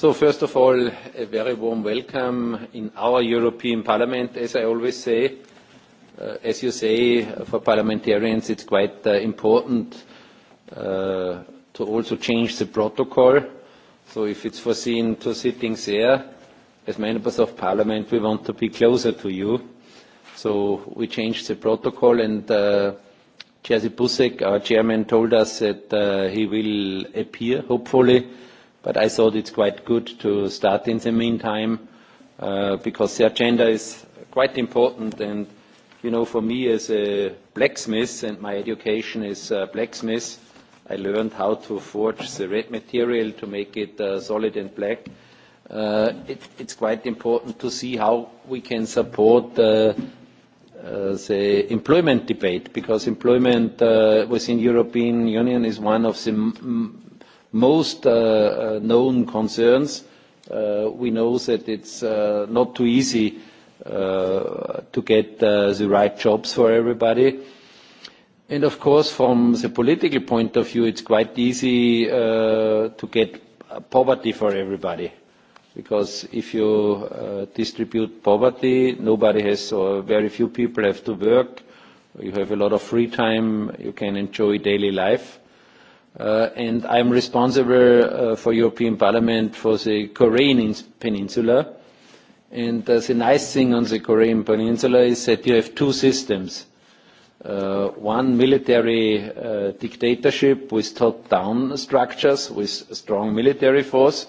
So first of all, a very warm welcome in our European Parliament, as I always say. Uh, as you say, for parliamentarians, it's quite uh, important uh, to also change the protocol. So if it's foreseen two sittings there, as members of parliament, we want to be closer to you. So we changed the protocol and uh, Jerzy Busek, our chairman, told us that uh, he will appear, hopefully, But I thought it's quite good to start in the meantime uh, because the agenda is quite important. And, you know, for me as a blacksmith, and my education is uh, blacksmith, I learned how to forge the red material to make it uh, solid and black. Uh, it, it's quite important to see how we can support uh, uh, the employment debate because employment uh, within European Union is one of the m most known concerns. We know that it's not too easy to get the right jobs for everybody. And Of course, from the political point of view, it's quite easy to get poverty for everybody. Because if you distribute poverty, nobody has or very few people have to work. You have a lot of free time. You can enjoy daily life and I'm responsible for European Parliament for the Korean Peninsula. And the nice thing on the Korean Peninsula is that you have two systems. one military dictatorship with top-down structures, with strong military force,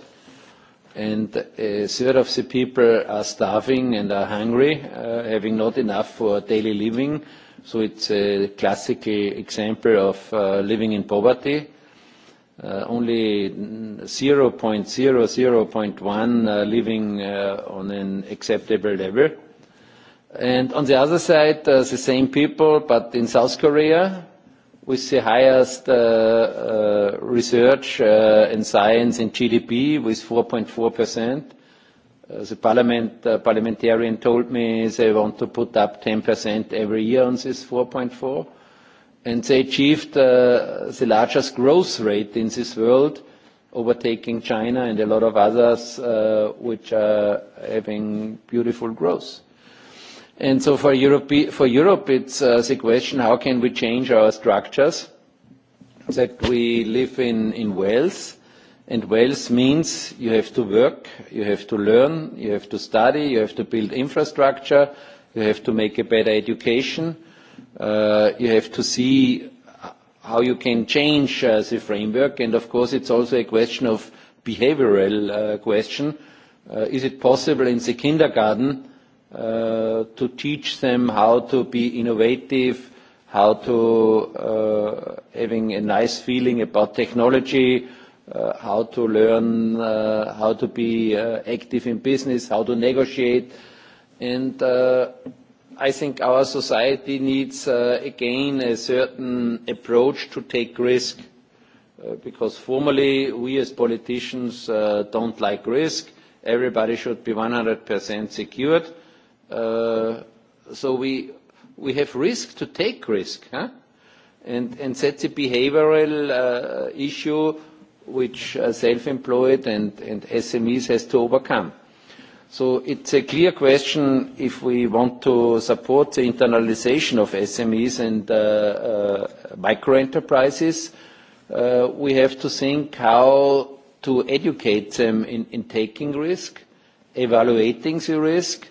and a third of the people are starving and are hungry, uh having not enough for daily living, So it's a classic example of uh, living in poverty. Uh, only 0.001 uh, living uh, on an acceptable level. And on the other side, uh, the same people, but in South Korea, with the highest uh, uh, research uh, in science and GDP with 4.4 percent the parliament, uh, parliamentarian told me they want to put up 10% every year on this 4.4, and they achieved uh, the largest growth rate in this world, overtaking China and a lot of others uh, which are having beautiful growth. And so for Europe, for Europe it's uh, the question, how can we change our structures that we live in, in wealth, And Wales means you have to work, you have to learn, you have to study, you have to build infrastructure, you have to make a better education, uh, you have to see how you can change uh, the framework. And of course, it's also a question of behavioral uh, question. Uh, is it possible in the kindergarten uh, to teach them how to be innovative, how to uh, having a nice feeling about technology, uh, how to learn, uh, how to be uh, active in business, how to negotiate. And uh, I think our society needs uh, again a certain approach to take risk uh, because formally we as politicians uh, don't like risk. Everybody should be 100% secured. Uh, so we, we have risk to take risk. Huh? And, and that's a behavioral uh, issue which self-employed and SMEs has to overcome. So It's a clear question if we want to support the internalization of SMEs and micro enterprises, we have to think how to educate them in taking risk, evaluating the risk,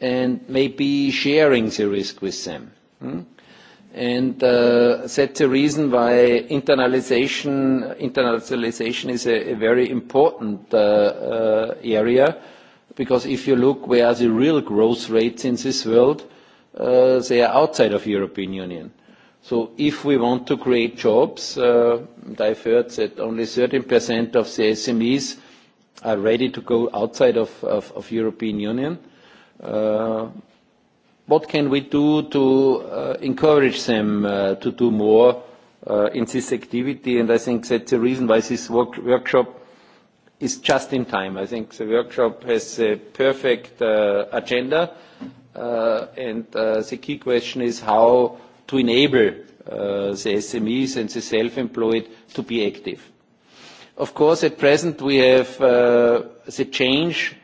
and maybe sharing the risk with them. And uh, that's the reason why internalization, internationalization is a, a very important uh, uh, area, because if you look where are the real growth rates in this world, uh, they are outside of European Union. So if we want to create jobs, uh, I've heard that only 13% of the SMEs are ready to go outside of, of, of European Union. Uh, what can we do to uh, encourage them uh, to do more uh, in this activity? And I think that's the reason why this work workshop is just in time. I think the workshop has a perfect uh, agenda, uh, and uh, the key question is how to enable uh, the SMEs and the self-employed to be active. Of course, at present we have uh, the change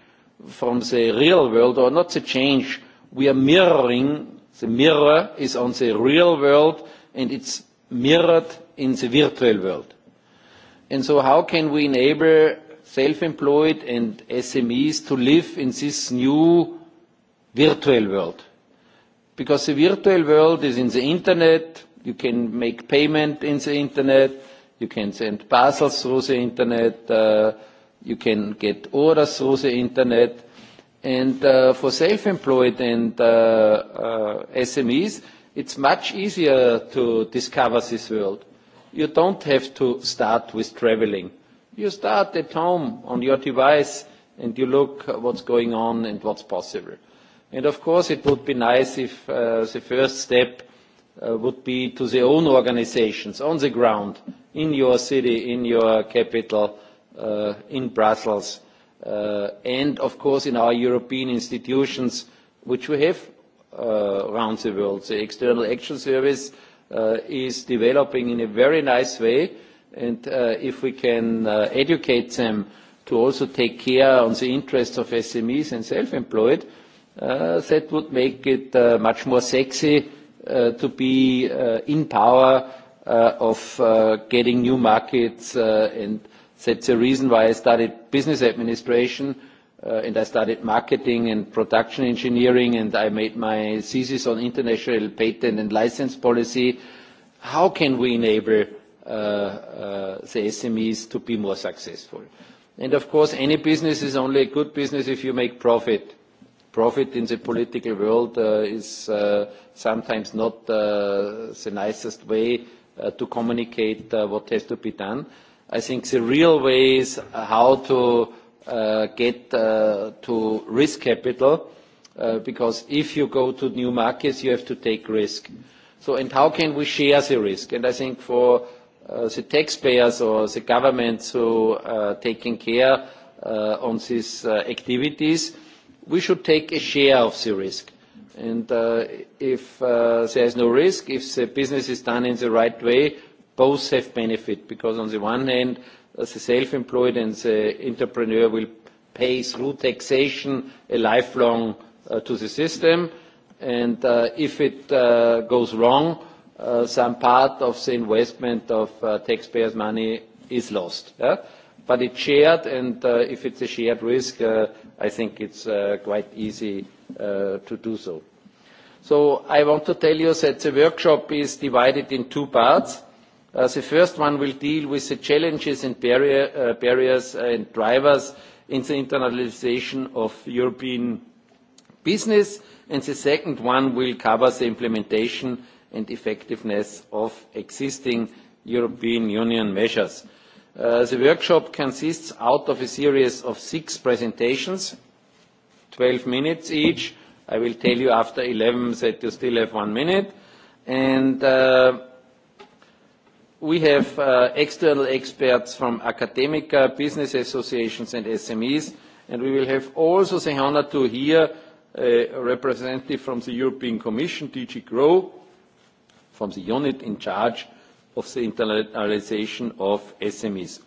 from the real world, or not the change, we are mirroring, the mirror is on the real world and it's mirrored in the virtual world. And so how can we enable self-employed and SMEs to live in this new virtual world? Because the virtual world is in the internet, you can make payment in the internet, you can send parcels through the internet, uh, you can get orders through the internet, And uh, for self-employed and uh, uh, SMEs, it's much easier to discover this world. You don't have to start with traveling. You start at home on your device and you look what's going on and what's possible. And of course, it would be nice if uh, the first step uh, would be to their own organizations on the ground, in your city, in your capital, uh, in Brussels, and of course in our European institutions, which we have around the world. The External Action Service is developing in a very nice way, and if we can educate them to also take care on the interests of SMEs and self-employed, that would make it much more sexy to be in power of getting new markets and That's the reason why I studied business administration uh, and I studied marketing and production engineering and I made my thesis on international patent and license policy. How can we enable uh, uh, the SMEs to be more successful? And of course, any business is only a good business if you make profit. Profit in the political world uh, is uh, sometimes not uh, the nicest way uh, to communicate uh, what has to be done. I think the real way is how to uh, get uh, to risk capital, uh, because if you go to new markets, you have to take risk. So, and how can we share the risk? And I think for uh, the taxpayers or the governments who are taking care uh, on these uh, activities, we should take a share of the risk. And uh, if uh, there is no risk, if the business is done in the right way, both have benefit because on the one hand, the self-employed and the entrepreneur will pay through taxation a lifelong uh, to the system. And uh, if it uh, goes wrong, uh, some part of the investment of uh, taxpayers' money is lost. Yeah? But it's shared, and uh, if it's a shared risk, uh, I think it's uh, quite easy uh, to do so. So I want to tell you that the workshop is divided in two parts The first one will deal with the challenges and barriers and drivers in the internationalization of European business, and the second one will cover the implementation and effectiveness of existing European Union measures. The workshop consists out of a series of six presentations, 12 minutes each. I will tell you after 11 that you still have one minute. and We have uh, external experts from academia, business associations and SMEs, and we will have also the honor to hear a representative from the European Commission, DG GROW, from the unit in charge of the internationalization of SMEs.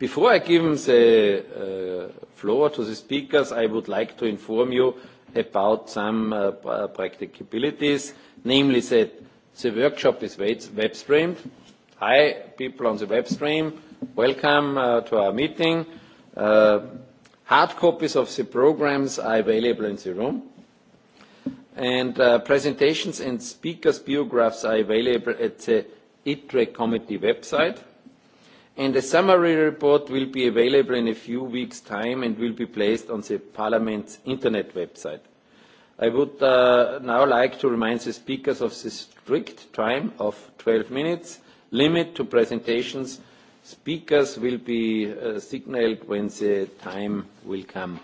Before I give the floor to the speakers, I would like to inform you about some practicabilities, namely that The workshop is web streamed. Hi, people on the web stream. Welcome uh, to our meeting. Uh, hard copies of the programs are available in the room. And uh, presentations and speakers' biographs are available at the ITRE committee website. And a summary report will be available in a few weeks' time and will be placed on the Parliament's internet website. I would uh, now like to remind the speakers of the strict time of 12 minutes limit to presentations. Speakers will be uh, signaled when the time will come.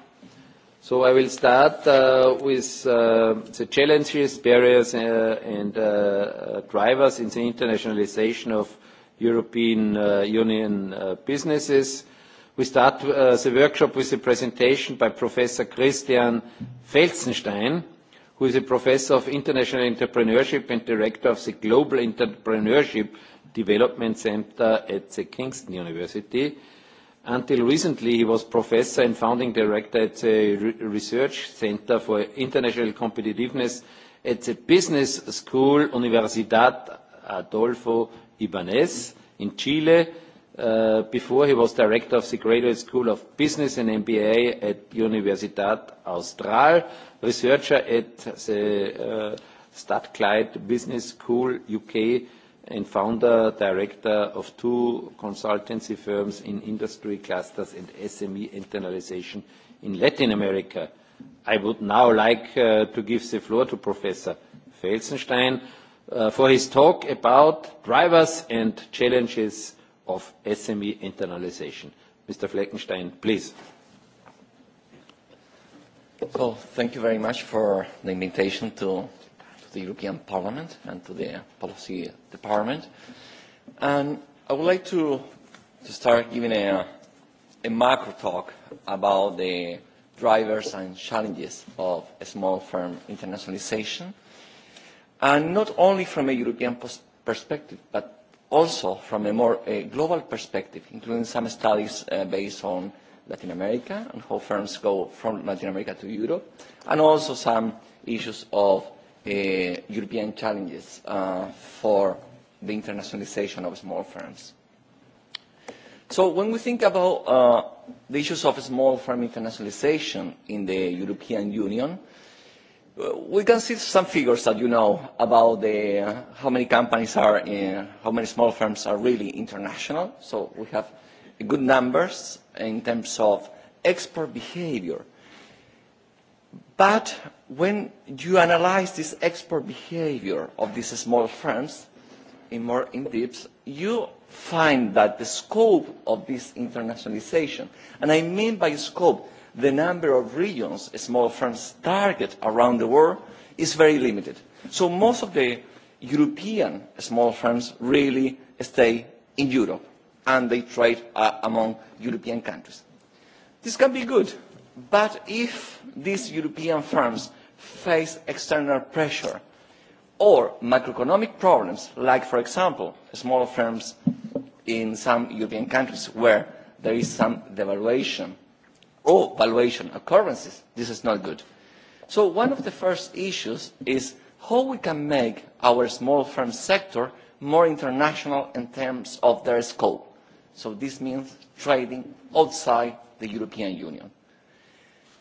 So I will start uh, with uh, the challenges, barriers, uh, and uh, drivers in the internationalization of European uh, Union uh, businesses We start the workshop with a presentation by Professor Christian Felsenstein, who is a professor of international entrepreneurship and director of the Global Entrepreneurship Development Center at the Kingston University. Until recently, he was professor and founding director at the Research Center for International Competitiveness at the Business School Universidad Adolfo Ibanez in Chile Uh, before he was director of the Graduate School of Business and MBA at Universitat Austral, researcher at the uh, Stadtkleid Business School UK, and founder director of two consultancy firms in industry clusters and SME internalization in Latin America. I would now like uh, to give the floor to Professor Felsenstein uh, for his talk about drivers and challenges of SME internalization. Mr. Fleckenstein, please. So thank you very much for the invitation to the European Parliament and to the Policy Department. And I would like to, start giving a, a macro talk about the drivers and challenges of small firm internationalization. And not only from a European perspective, but also from a more a global perspective, including some studies uh, based on Latin America and how firms go from Latin America to Europe, and also some issues of uh, European challenges uh, for the internationalization of small firms. So when we think about uh, the issues of small firm internationalization in the European Union, uh, We can see some figures that you know about the, uh, how many companies are, in, how many small firms are really international. So we have good numbers in terms of export behavior. But when you analyze this export behavior of these small firms in more in depth, you find that the scope of this internationalization, and I mean by scope, the number of regions small firms target around the world is very limited. So most of the European small firms really stay in Europe and they trade uh, among European countries. This can be good, but if these European firms face external pressure or macroeconomic problems, like, for example, small firms in some European countries where there is some devaluation or valuation occurrences. This is not good. So one of the first issues is how we can make our small firm sector more international in terms of their scope. So this means trading outside the European Union.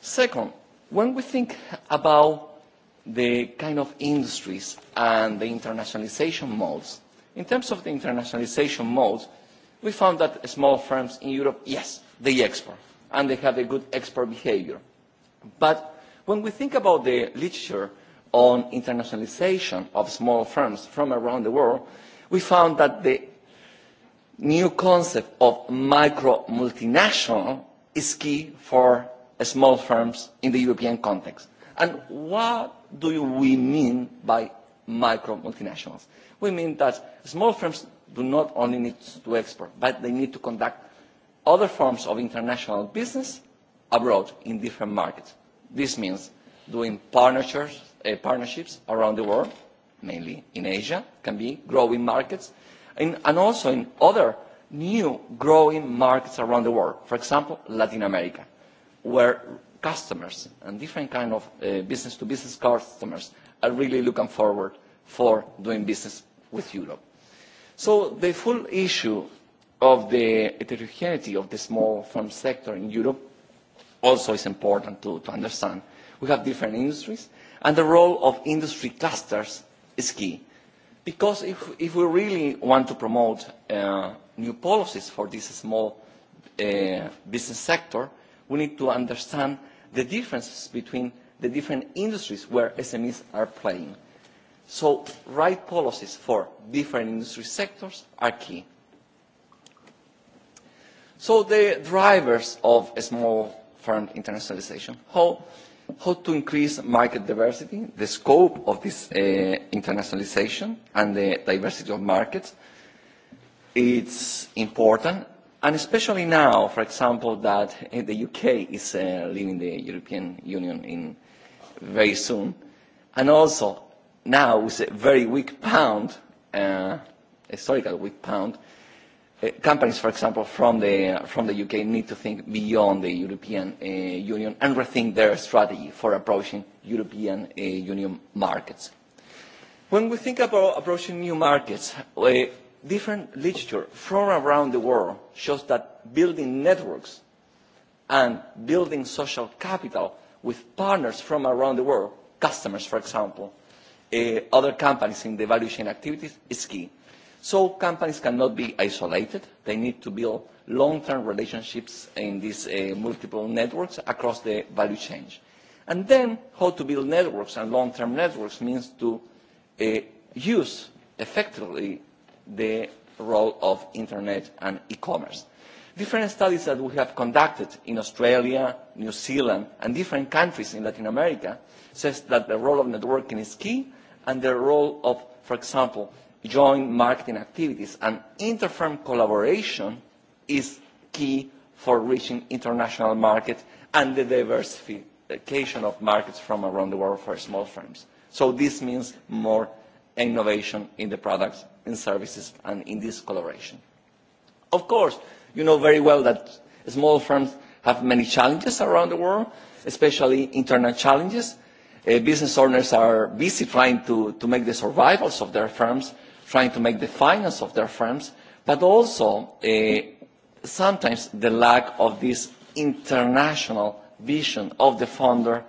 Second, when we think about the kind of industries and the internationalization modes, in terms of the internationalization modes, we found that small firms in Europe, yes, they export and they have a good export behavior. But when we think about the literature on internationalization of small firms from around the world, we found that the new concept of micro multinational is key for small firms in the European context. And what do we mean by micro multinationals? We mean that small firms do not only need to export, but they need to conduct other forms of international business abroad in different markets. This means doing partnerships, uh, partnerships around the world, mainly in Asia, can be growing markets, and, and also in other new growing markets around the world. For example, Latin America, where customers and different kind of to business-to-business customers are really looking forward for doing business with Europe. So the full issue of the heterogeneity of the small farm sector in Europe also is important to, to understand. We have different industries, and the role of industry clusters is key. Because if, if we really want to promote uh, new policies for this small uh, business sector, we need to understand the differences between the different industries where SMEs are playing. So right policies for different industry sectors are key So the drivers of a small firm internationalization, how, how to increase market diversity, the scope of this uh, internationalization and the diversity of markets, it's important. And especially now, for example, that the UK is uh, leaving the European Union in very soon. And also now with a very weak pound, uh, historical weak pound, companies, for example, from the, from the UK need to think beyond the European uh, Union and rethink their strategy for approaching European uh, Union markets. When we think about approaching new markets, uh, different literature from around the world shows that building networks and building social capital with partners from around the world, customers, for example, uh, other companies in the value chain activities, is key So companies cannot be isolated. They need to build long-term relationships in these uh, multiple networks across the value chain. And then how to build networks and long-term networks means to uh, use effectively the role of internet and e-commerce. Different studies that we have conducted in Australia, New Zealand, and different countries in Latin America says that the role of networking is key and the role of, for example, joint marketing activities, and interfirm collaboration is key for reaching international markets and the diversification of markets from around the world for small firms. So this means more innovation in the products and services and in this collaboration. Of course, you know very well that small firms have many challenges around the world, especially internal challenges. Uh, business owners are busy trying to, to make the survivals of their firms trying to make the finance of their firms, but also uh, sometimes the lack of this international vision of the founder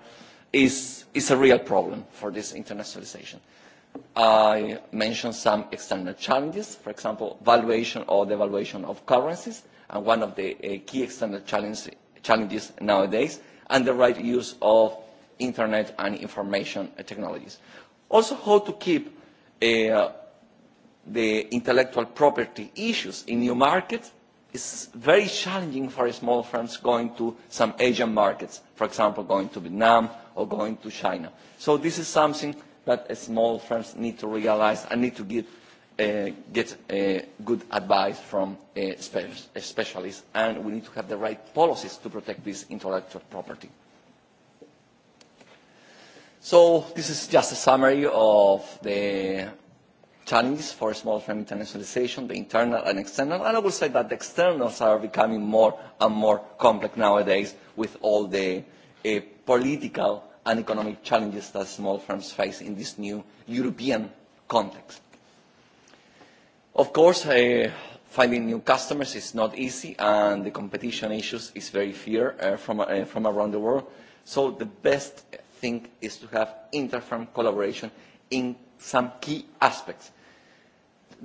is, is a real problem for this internationalization. I mentioned some external challenges, for example, valuation or devaluation of currencies, and one of the uh, key external challenges, challenges nowadays, and the right use of internet and information technologies. Also, how to keep uh, the intellectual property issues in new markets is very challenging for small firms going to some Asian markets, for example, going to Vietnam or going to China. So this is something that small firms need to realize and need to give, uh, get uh, good advice from uh, specialists, and we need to have the right policies to protect this intellectual property. So this is just a summary of the challenges for small firm internationalization, the internal and external. And I would say that the externals are becoming more and more complex nowadays with all the uh, political and economic challenges that small firms face in this new European context. Of course, uh, finding new customers is not easy, and the competition issues is very fierce uh, from, uh, from around the world. So the best thing is to have inter-firm collaboration in some key aspects.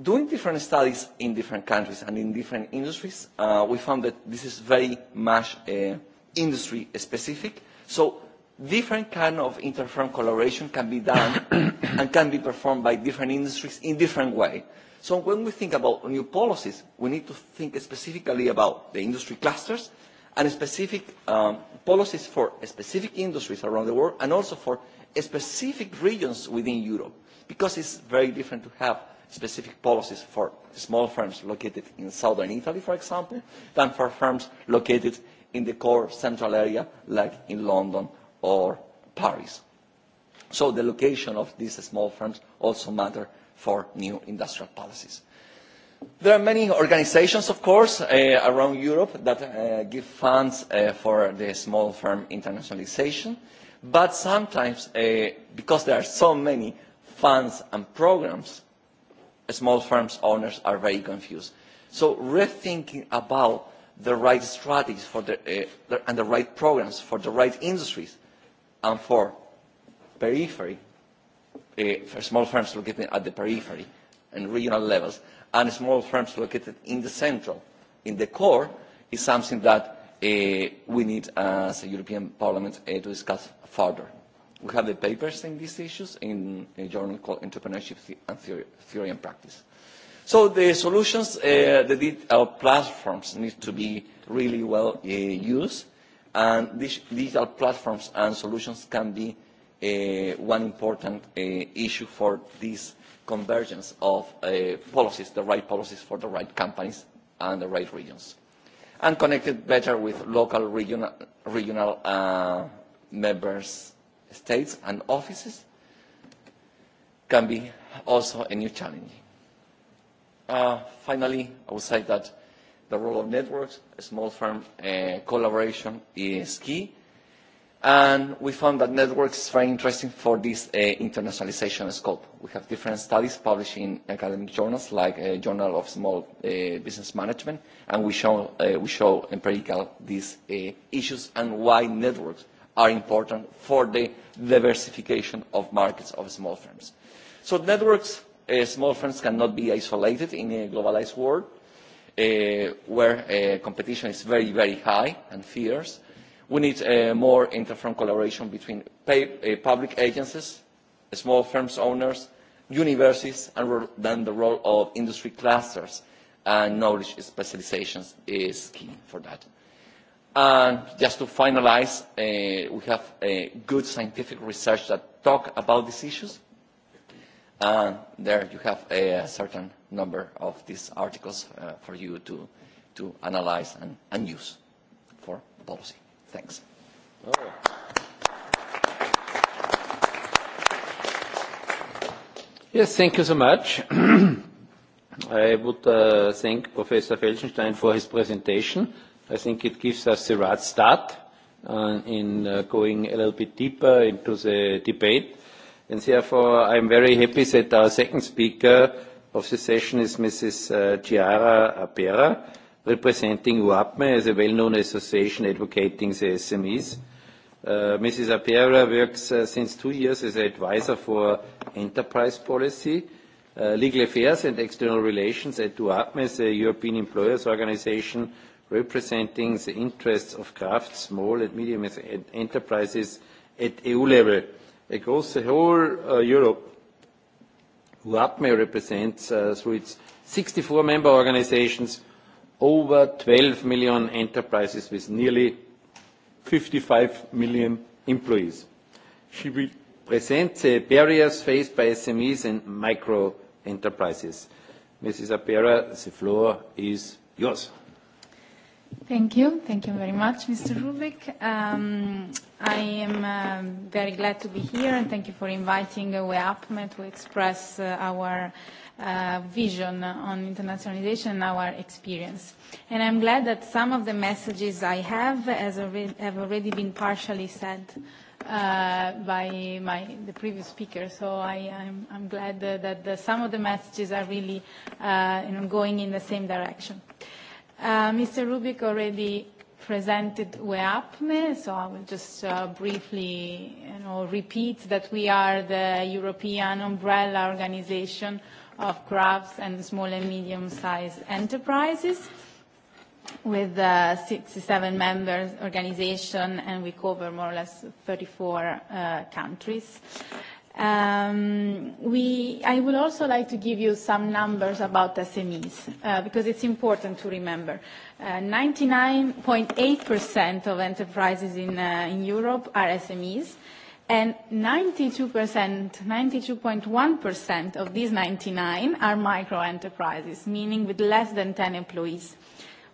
Doing different studies in different countries and in different industries, uh, we found that this is very much uh, industry specific. So different kind of interfirm collaboration can be done and can be performed by different industries in different way. So when we think about new policies, we need to think specifically about the industry clusters and specific um, policies for specific industries around the world and also for specific regions within Europe because it is very different to have specific policies for small firms located in southern Italy, for example, than for firms located in the core central area, like in London or Paris. So the location of these small firms also matter for new industrial policies. There are many organizations, of course, uh, around Europe that uh, give funds uh, for the small firm internationalization, but sometimes, uh, because there are so many funds and programs, small firms owners are very confused. So rethinking about the right strategies for the, uh, and the right programs for the right industries and for periphery, uh, for small firms located at the periphery and regional levels, and small firms located in the central, in the core, is something that uh, we need as a European Parliament uh, to discuss further. We have the papers in these issues in a journal called Entrepreneurship and Theory, Theory and Practice. So the solutions uh, the digital platforms need to be really well uh, used, and these digital platforms and solutions can be uh, one important uh, issue for this convergence of uh, policies, the right policies for the right companies and the right regions, and connected better with local, regional, regional uh, members' states and offices can be also a new challenge. Uh, finally, I would say that the role of networks, small firm uh, collaboration is key. And we found that networks are very interesting for this uh, internationalization scope. We have different studies published in academic journals like a Journal of Small uh, Business Management, and we show, uh, we show empirical these uh, issues and why networks are important for the diversification of markets of small firms. So networks, uh, small firms cannot be isolated in a globalized world uh, where uh, competition is very, very high and fierce. We need uh, more inter-firm collaboration between pay, uh, public agencies, small firms owners, universities, and then the role of industry clusters and knowledge specializations is key for that. And just to finalize, uh, we have a good scientific research that talk about these issues. And there you have a, certain number of these articles uh, for you to, to analyze and, and use for policy. Thanks. Oh. Yes, thank you so much. I would uh, thank Professor Felsenstein for his presentation I think it gives us the right start uh, in uh, going a little bit deeper into the debate. And therefore, I'm very happy that our second speaker of the session is Mrs. Uh, Chiara Apera, representing UAPME as a well-known association advocating the SMEs. Uh, Mrs. Apera works uh, since two years as an advisor for enterprise policy, uh, legal affairs and external relations at UAPME, the European Employers Organization, representing the interests of craft, small and medium enterprises at EU level. Across the whole uh, Europe, UAPME represents, uh, through its 64 member organizations, over 12 million enterprises with nearly 55 million employees. She will present the barriers faced by SMEs and micro enterprises. Mrs. Apera, the floor is yours. Thank you. Thank you very much, Mr. Rubik. Um, I am uh, very glad to be here and thank you for inviting uh, WEAPME to express uh, our uh, vision on internationalization and our experience. And I'm glad that some of the messages I have has already, have already been partially said uh, by my, the previous speaker. So I, I'm, I'm glad that, that the, some of the messages are really uh, you know, going in the same direction. Uh, Mr. Rubik already presented UEAPME, so I will just uh, briefly you know, repeat that we are the European umbrella organization of crafts and small and medium-sized enterprises with uh, 67 members organization and we cover more or less 34 uh, countries. Um, we, I would also like to give you some numbers about SMEs, uh, because it's important to remember. 99.8% of enterprises in, uh, in Europe are SMEs, and 92%, 92.1% of these 99 are micro enterprises, meaning with less than 10 employees.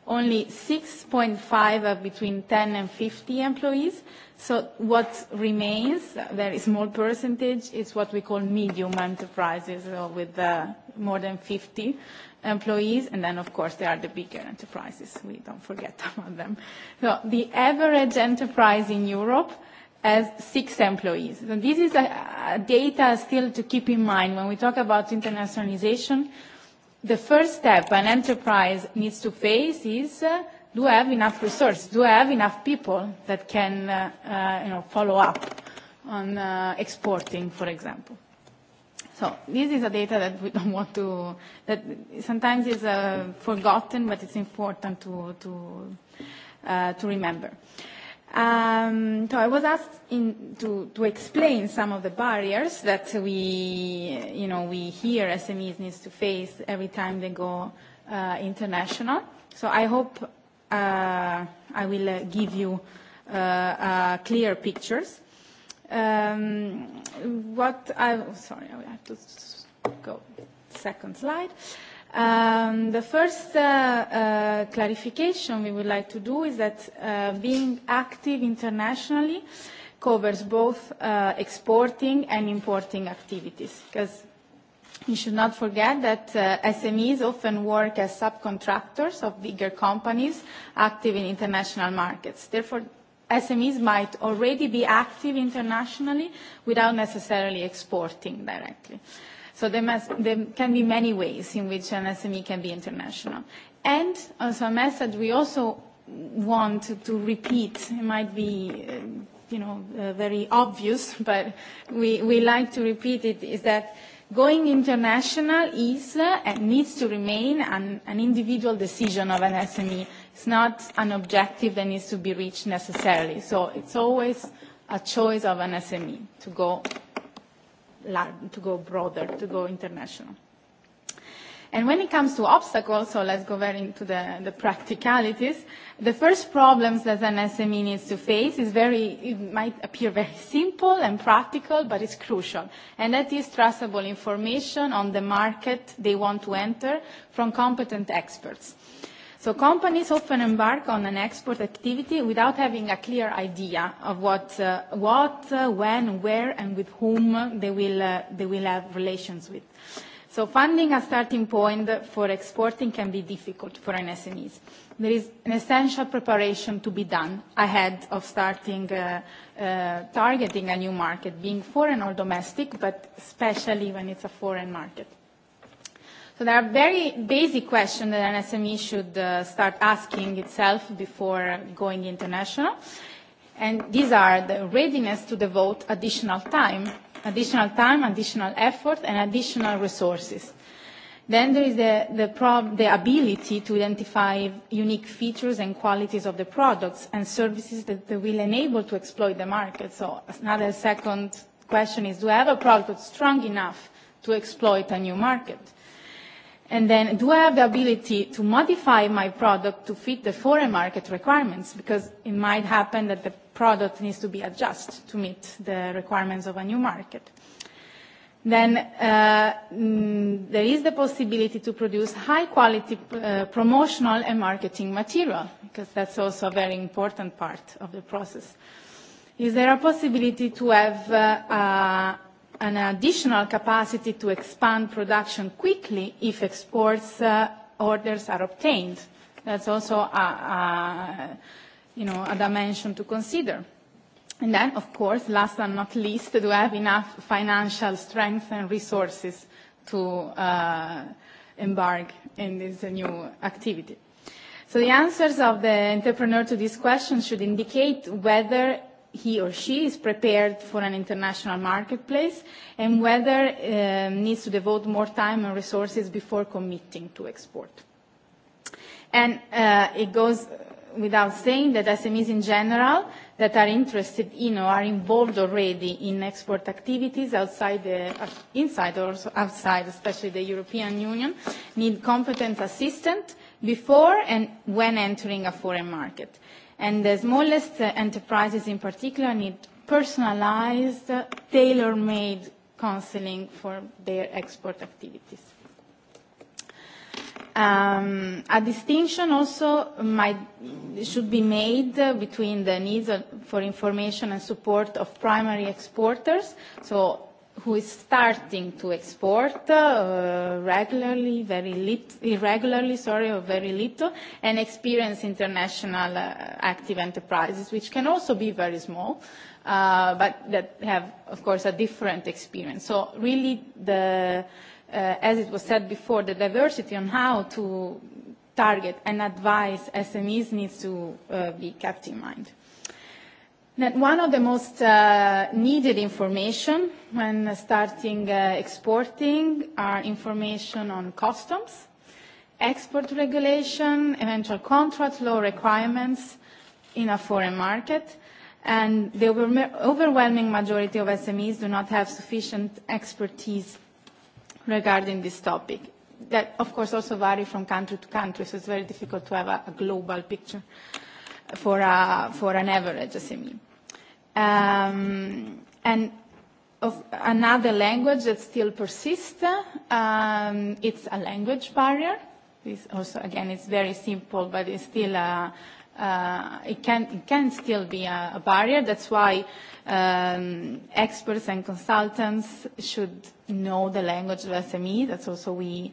Only 6.5 are between 10 and 50 employees, So what remains, a very small percentage, is what we call medium enterprises, with uh, more than 50 employees, and then, of course, there are the bigger enterprises. We don't forget about them. So the average enterprise in Europe has six employees. So this is a, a data still to keep in mind when we talk about internationalization. The first step an enterprise needs to face is uh, do I have enough resources? Do I have enough people that can uh, uh, you know, follow up on uh, exporting, for example? So this is a data that we don't want to, that sometimes is uh, forgotten, but it's important to, to, uh, to remember. Um, so I was asked in, to, to explain some of the barriers that we, you know, we hear SMEs needs to face every time they go uh, international. So I hope uh, I will uh, give you uh, uh, clear pictures. Um, what I, sorry, I have to go second slide. Um, the first uh, uh, clarification we would like to do is that uh, being active internationally covers both uh, exporting and importing activities, because You should not forget that uh, SMEs often work as subcontractors of bigger companies active in international markets. Therefore, SMEs might already be active internationally without necessarily exporting directly. So there, must, there can be many ways in which an SME can be international. And also a message we also want to repeat, it might be you know, uh, very obvious, but we, we like to repeat it, is that Going international is uh, and needs to remain an, an individual decision of an SME. It's not an objective that needs to be reached necessarily. So it's always a choice of an SME to go, large, to go broader, to go international. And when it comes to obstacles, so let's go very into the, the practicalities, the first problems that an SME needs to face is very, it might appear very simple and practical, but it's crucial. And that is trustable information on the market they want to enter from competent experts. So companies often embark on an export activity without having a clear idea of what, uh, what uh, when, where, and with whom they will, uh, they will have relations with. Uh, So finding a starting point for exporting can be difficult for an SMEs. There is an essential preparation to be done ahead of starting uh, uh, targeting a new market, being foreign or domestic, but especially when it's a foreign market. So there are very basic questions that an SME should uh, start asking itself before going international. And these are the readiness to devote additional time additional time, additional effort, and additional resources. Then there is the, the, prob- the ability to identify unique features and qualities of the products and services that, that will enable to exploit the market. So another second question is, do I have a product strong enough to exploit a new market? And then do I have the ability to modify my product to fit the foreign market requirements? Because it might happen that the product needs to be adjusted to meet the requirements of a new market. Then uh, mm, there is the possibility to produce high quality uh, promotional and marketing material, because that's also a very important part of the process. Is there a possibility to have uh, uh, an additional capacity to expand production quickly if exports uh, orders are obtained. That's also a, a, you know, a dimension to consider. And then, of course, last but not least, do I have enough financial strength and resources to uh, embark in this new activity? So the answers of the entrepreneur to this question should indicate whether he or she is prepared for an international marketplace and whether uh, needs to devote more time and resources before committing to export. And uh, it goes without saying that SMEs in general that are interested in or are involved already in export activities outside the, inside or outside, especially the European Union, need competent assistance before and when entering a foreign market. And the smallest enterprises in particular need personalized, tailor-made counseling for their export activities. Um, a distinction also might, should be made between the needs of, for information and support of primary exporters, so who is starting to export uh, regularly, very little irregularly, sorry, or very little, and experience international uh, active enterprises, which can also be very small, uh, but that have, of course, a different experience. So really, the, uh, as it was said before, the diversity on how to target and advise SMEs needs to uh, be kept in mind. That one of the most uh, needed information when starting uh, exporting are information on customs, export regulation, eventual contract law requirements in a foreign market, and the overwhelming majority of SMEs do not have sufficient expertise regarding this topic. That, of course, also vary from country to country, so it's very difficult to have a, a global picture. Uh, for, a, for an average SME. Um, and of another language that still persists, um, it's a language barrier. This also, again, it's very simple, but it's still a, uh, it, can, it can still be a, a barrier. That's why um, experts and consultants should know the language of SME. That's also we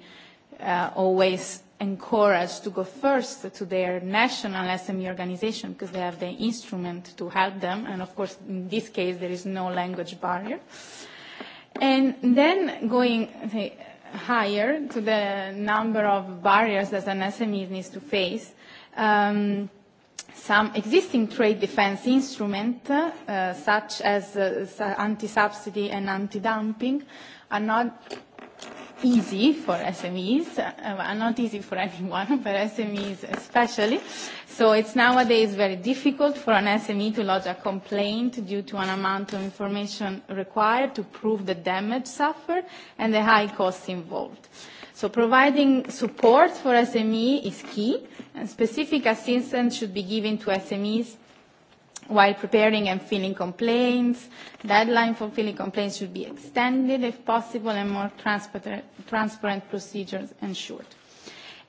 uh, always encouraged to go first to their national SME organization because they have the instrument to help them. And of course, in this case, there is no language barrier. And then going higher to the number of barriers that an SME needs to face, um, some existing trade defense instruments, uh, such as uh, anti-subsidy and anti-dumping, are not easy for SMEs, uh, not easy for anyone, but SMEs especially. So it's nowadays very difficult for an SME to lodge a complaint due to an amount of information required to prove the damage suffered and the high costs involved. So providing support for SME is key, and specific assistance should be given to SMEs while preparing and filing complaints. Deadline for filing complaints should be extended if possible and more transparent procedures ensured.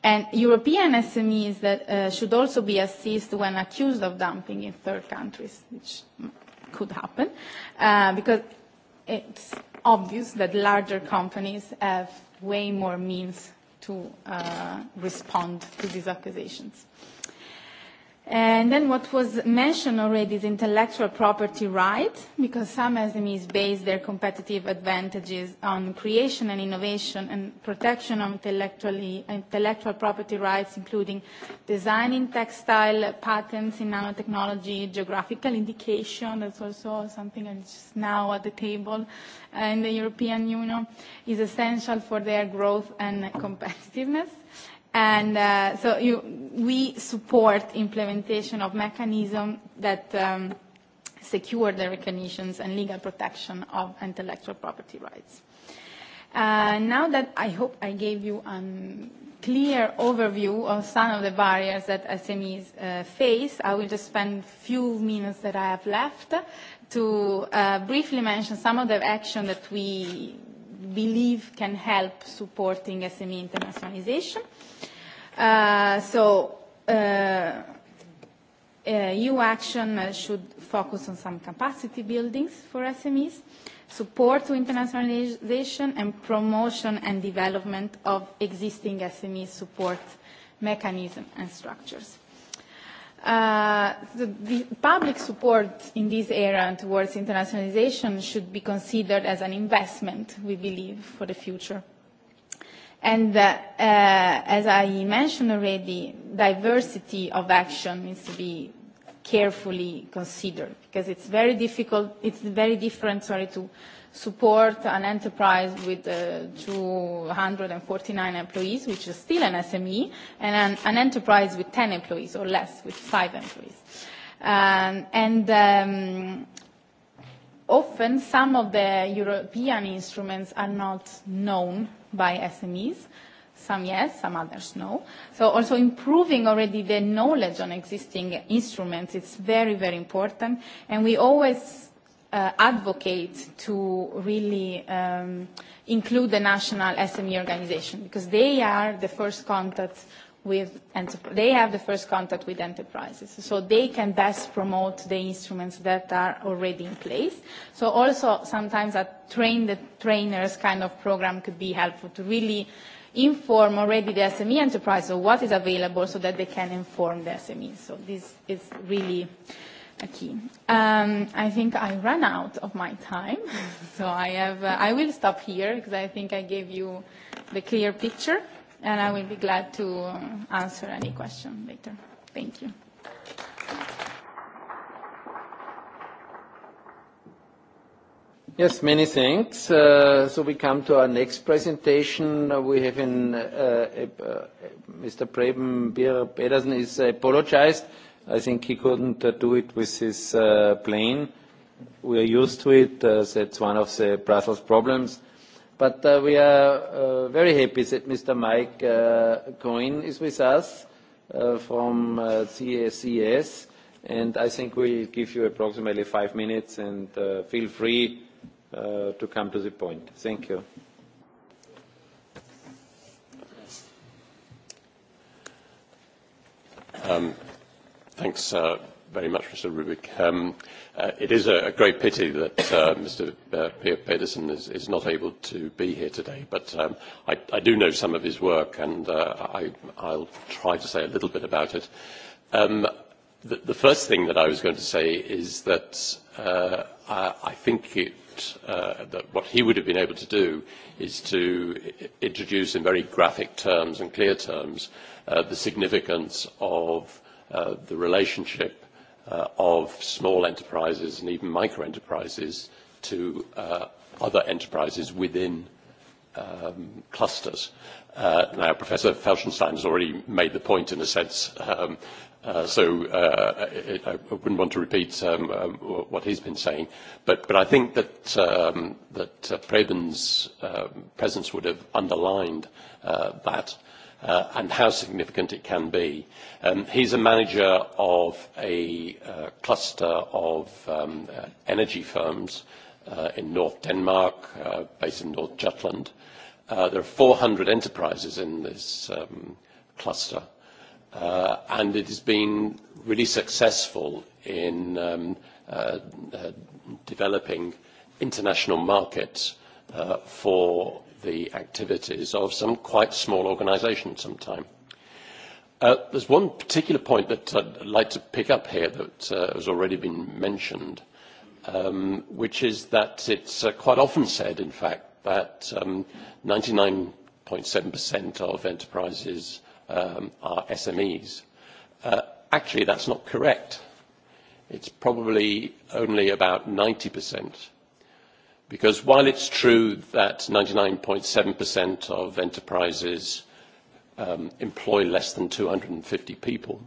And European SMEs that uh, should also be assisted when accused of dumping in third countries, which could happen, uh, because it's obvious that larger companies have way more means to uh, respond to these accusations. And then what was mentioned already is intellectual property right, because some SMEs base their competitive advantages on creation and innovation and protection of intellectual property rights, including designing textile patents in nanotechnology, geographical indication, that's also something that's now at the table in the European Union, is essential for their growth and competitiveness And uh, so you, we support implementation of mechanisms that um, secure the recognitions and legal protection of intellectual property rights. Uh, now that I hope I gave you a clear overview of some of the barriers that SMEs uh, face, I will just spend few minutes that I have left to uh, briefly mention some of the action that we believe can help supporting SME internationalization. Uh, so uh, uh, EU action should focus on some capacity buildings for SMEs, support to internationalization and promotion and development of existing SME support mechanisms and structures. Uh, the, the public support in this era towards internationalization should be considered as an investment, we believe, for the future. And uh, uh, as I mentioned already, diversity of action needs to be carefully considered because it's very difficult, it's very different, sorry, to support an enterprise with uh, 249 employees, which is still an SME, and an, an enterprise with 10 employees or less, with five employees. Um, and um, often some of the European instruments are not known by SMEs. Some yes, some others no. So also improving already the knowledge on existing instruments, it's very, very important. And we always uh, advocate to really um, include the national SME organization because they are the first contact with they have the first contact with enterprises so they can best promote the instruments that are already in place so also sometimes a train the trainers kind of program could be helpful to really inform already the SME enterprise of what is available so that they can inform the SMEs so this is really uh, Okay. Um, I think I ran out of my time, so I have. Uh, I will stop here because I think I gave you the clear picture, and I will be glad to answer any question later. Thank you. Yes, many thanks. Uh, so we come to our next presentation. Uh We have in uh, uh, Mr. Preben Pedersen is apologized I think he couldn't uh, do it with his uh, plane. We are used to it. Uh, that's one of the Brussels problems. But uh, we are uh, very happy that Mr. Mike uh, Cohen is with us uh, from uh, CSES. And I think we'll give you approximately five minutes and uh, feel free uh, to come to the point. Thank you. Um, Thanks uh, very much, Mr. Rubik. Um, uh, it is a, a great pity that uh, Mr. Uh, Pedersen is, is not able to be here today, but um, I, I do know some of his work, and uh, I, I'll try to say a little bit about it. Um, the, the first thing that I was going to say is that uh, I, I think it uh, that what he would have been able to do is to introduce in very graphic terms and clear terms uh, the significance of uh, the relationship uh, of small enterprises and even micro enterprises to uh, other enterprises within um, clusters. Uh, now, Professor Felschenstein has already made the point in a sense, um, uh, so uh, it, I wouldn't want to repeat um, um, what he's been saying, but, but I think that, um, that uh, Preben's uh, presence would have underlined uh, that. Uh, uh, and how significant it can be. Um, he's a manager of a uh, cluster of um, uh, energy firms uh, in North Denmark, uh, based in North Jutland. Uh, there are 400 enterprises in this um, cluster, uh, and it has been really successful in um, uh, uh, developing international markets uh, for the activities of some quite small organisation sometime. Uh, there's one particular point that I'd like to pick up here that uh, has already been mentioned, um, which is that it's uh, quite often said, in fact, that um, of enterprises um, are SMEs. Uh, actually, that's not correct. It's probably only about 90% Because while it's true that 99.7% of enterprises um, employ less than 250 people,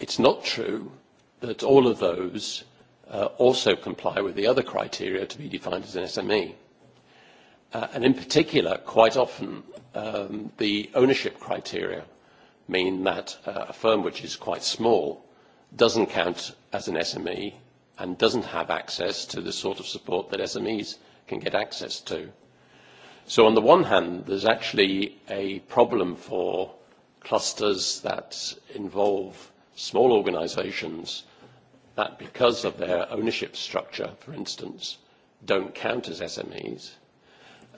it's not true that all of those uh, also comply with the other criteria to be defined as an SME. Uh, and in particular, quite often, um, the ownership criteria mean that uh, a firm which is quite small doesn't count as an SME and doesn't have access to the sort of support that SMEs can get access to. So on the one hand, there's actually a problem for clusters that involve small organizations that because of their ownership structure, for instance, don't count as SMEs.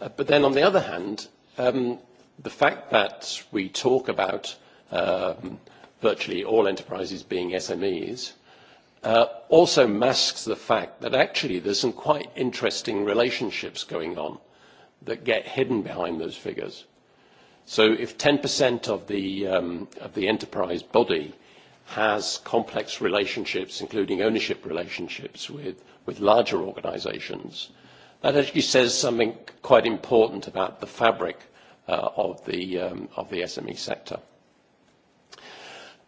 Uh, but then on the other hand, um, the fact that we talk about um, virtually all enterprises being SMEs – also masks the fact that actually there's some quite interesting relationships going on that get hidden behind those figures. So if 10% of the, um, of the enterprise body has complex relationships, including ownership relationships with, with larger organizations, that actually says something quite important about the fabric uh, of, the, um, of the SME sector.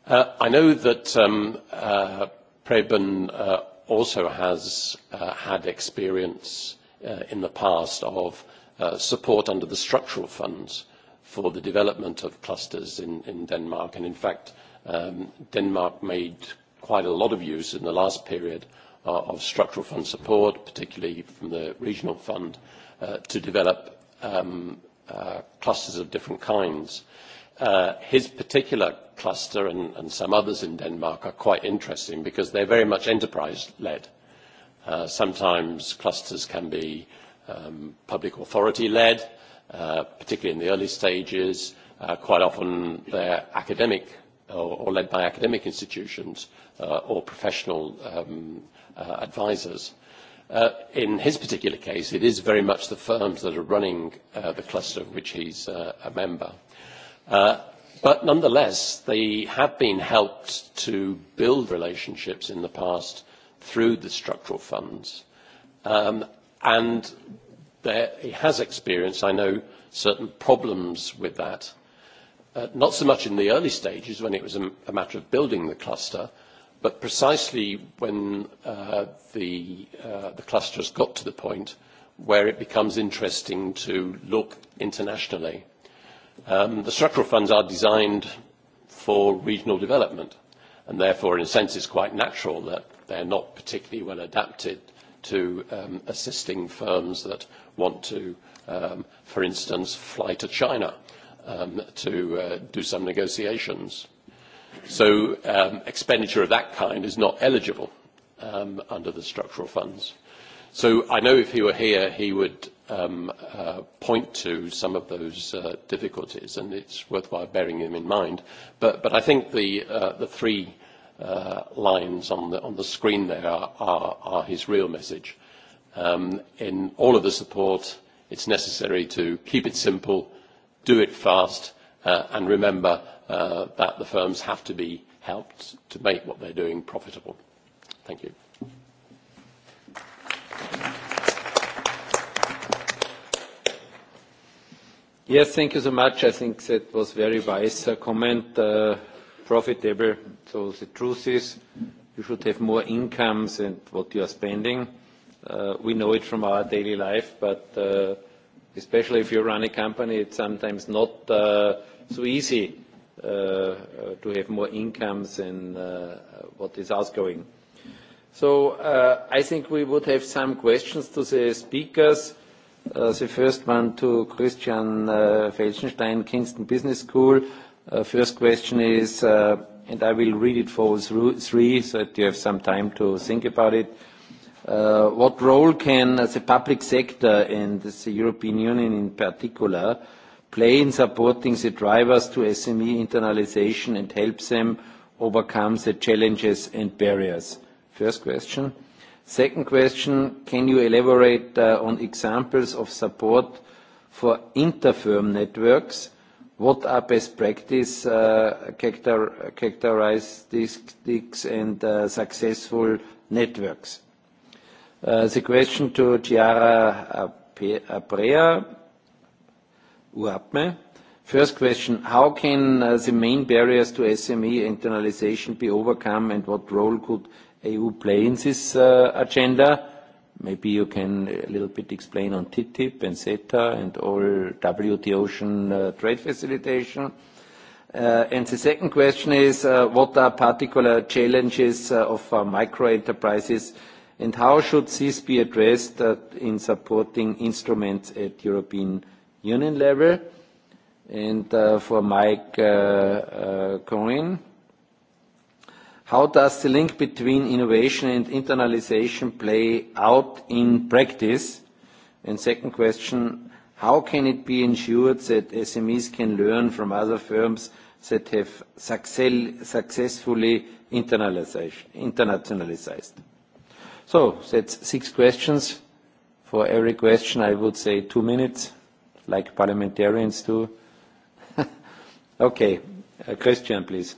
Uh, I know that um, uh, Preben uh, also has uh, had experience uh, in the past of uh, support under the structural funds for the development of clusters in, in Denmark. And in fact, um, Denmark made quite a lot of use in the last period uh, of structural fund support, particularly from the regional fund, uh, to develop um, uh, clusters of different kinds. Uh, uh, his particular cluster and, and some others in Denmark are quite interesting because they're very much enterprise-led. Uh, sometimes clusters can be um, public authority-led, uh, particularly in the early stages. Uh, quite often they're academic or, or led by academic institutions uh, or professional um, uh, advisors. Uh, in his particular case, it is very much the firms that are running uh, the cluster of which he's uh, a member. Uh, But nonetheless, they have been helped to build relationships in the past through the structural funds. Um, and there, it has experienced, I know, certain problems with that. Uh, not so much in the early stages when it was a, a matter of building the cluster, but precisely when uh, the, uh, the cluster has got to the point where it becomes interesting to look internationally Um, the structural funds are designed for regional development, and therefore, in a sense, it's quite natural that they're not particularly well adapted to um, assisting firms that want to, um, for instance, fly to China um, to uh, do some negotiations. So um, expenditure of that kind is not eligible um, under the structural funds. So I know if he were here, he would um, uh, point to some of those uh, difficulties, and it's worthwhile bearing them in mind. But, but I think the, uh, the three uh, lines on the, on the screen there are, are, are his real message. Um, in all of the support, it's necessary to keep it simple, do it fast, uh, and remember uh, that the firms have to be helped to make what they're doing profitable. Thank you. Yes, thank you so much. I think that was very wise comment, profitable. So the truth is, you should have more incomes than what you are spending. We know it from our daily life, but especially if you run a company, it's sometimes not so easy to have more incomes than what is outgoing. So I think we would have some questions to the speakers. The first one to Christian Felsenstein, Kingston Business School. First question is, and I will read it for three so that you have some time to think about it. What role can the public sector and the European Union in particular play in supporting the drivers to SME internalization and help them overcome the challenges and barriers? First question. Second question, can you elaborate on examples of support for inter-firm networks? What are best practice characteristics and successful networks? The question to Chiara Aprea, UAPME. First question, how can the main barriers to SME internalization be overcome, and what role could EU play in this uh, agenda? Maybe you can a little bit explain on TTIP and CETA and all WTO ocean uh, trade facilitation. Uh, and the second question is, uh, what are particular challenges uh, of uh, micro enterprises and how should this be addressed uh, in supporting instruments at European Union level? And uh, for Mike uh, uh, Cohen, How does the link between innovation and internalization play out in practice? And second question, how can it be ensured that SMEs can learn from other firms that have successfully internationalized? So that's six questions. For every question, I would say two minutes, like parliamentarians do. Okay, Christian, please.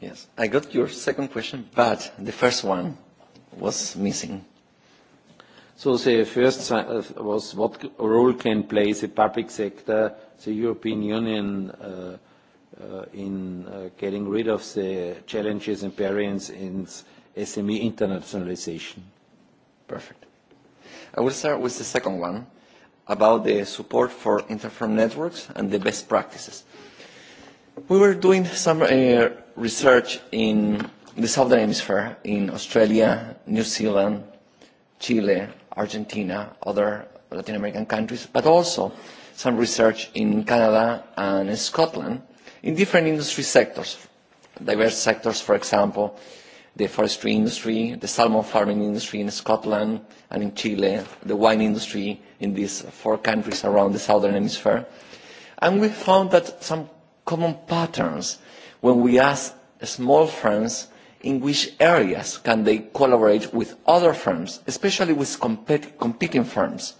Yes, I got your second question, but the first one was missing. So the first was what role can play the public sector, the European Union, uh, uh, in uh, getting rid of the challenges and barriers in SME internationalization? Perfect. I will start with the second one about the support for interfirm networks and the best practices. We were doing some uh, research in the Southern Hemisphere, in Australia, New Zealand, Chile, Argentina, other Latin American countries, but also some research in Canada and in Scotland in different industry sectors, diverse sectors, for example, the forestry industry, the salmon farming industry in Scotland and in Chile, the wine industry in these four countries around the southern hemisphere. And we found that some common patterns when we ask small firms in which areas can they collaborate with other firms, especially with compet competing firms.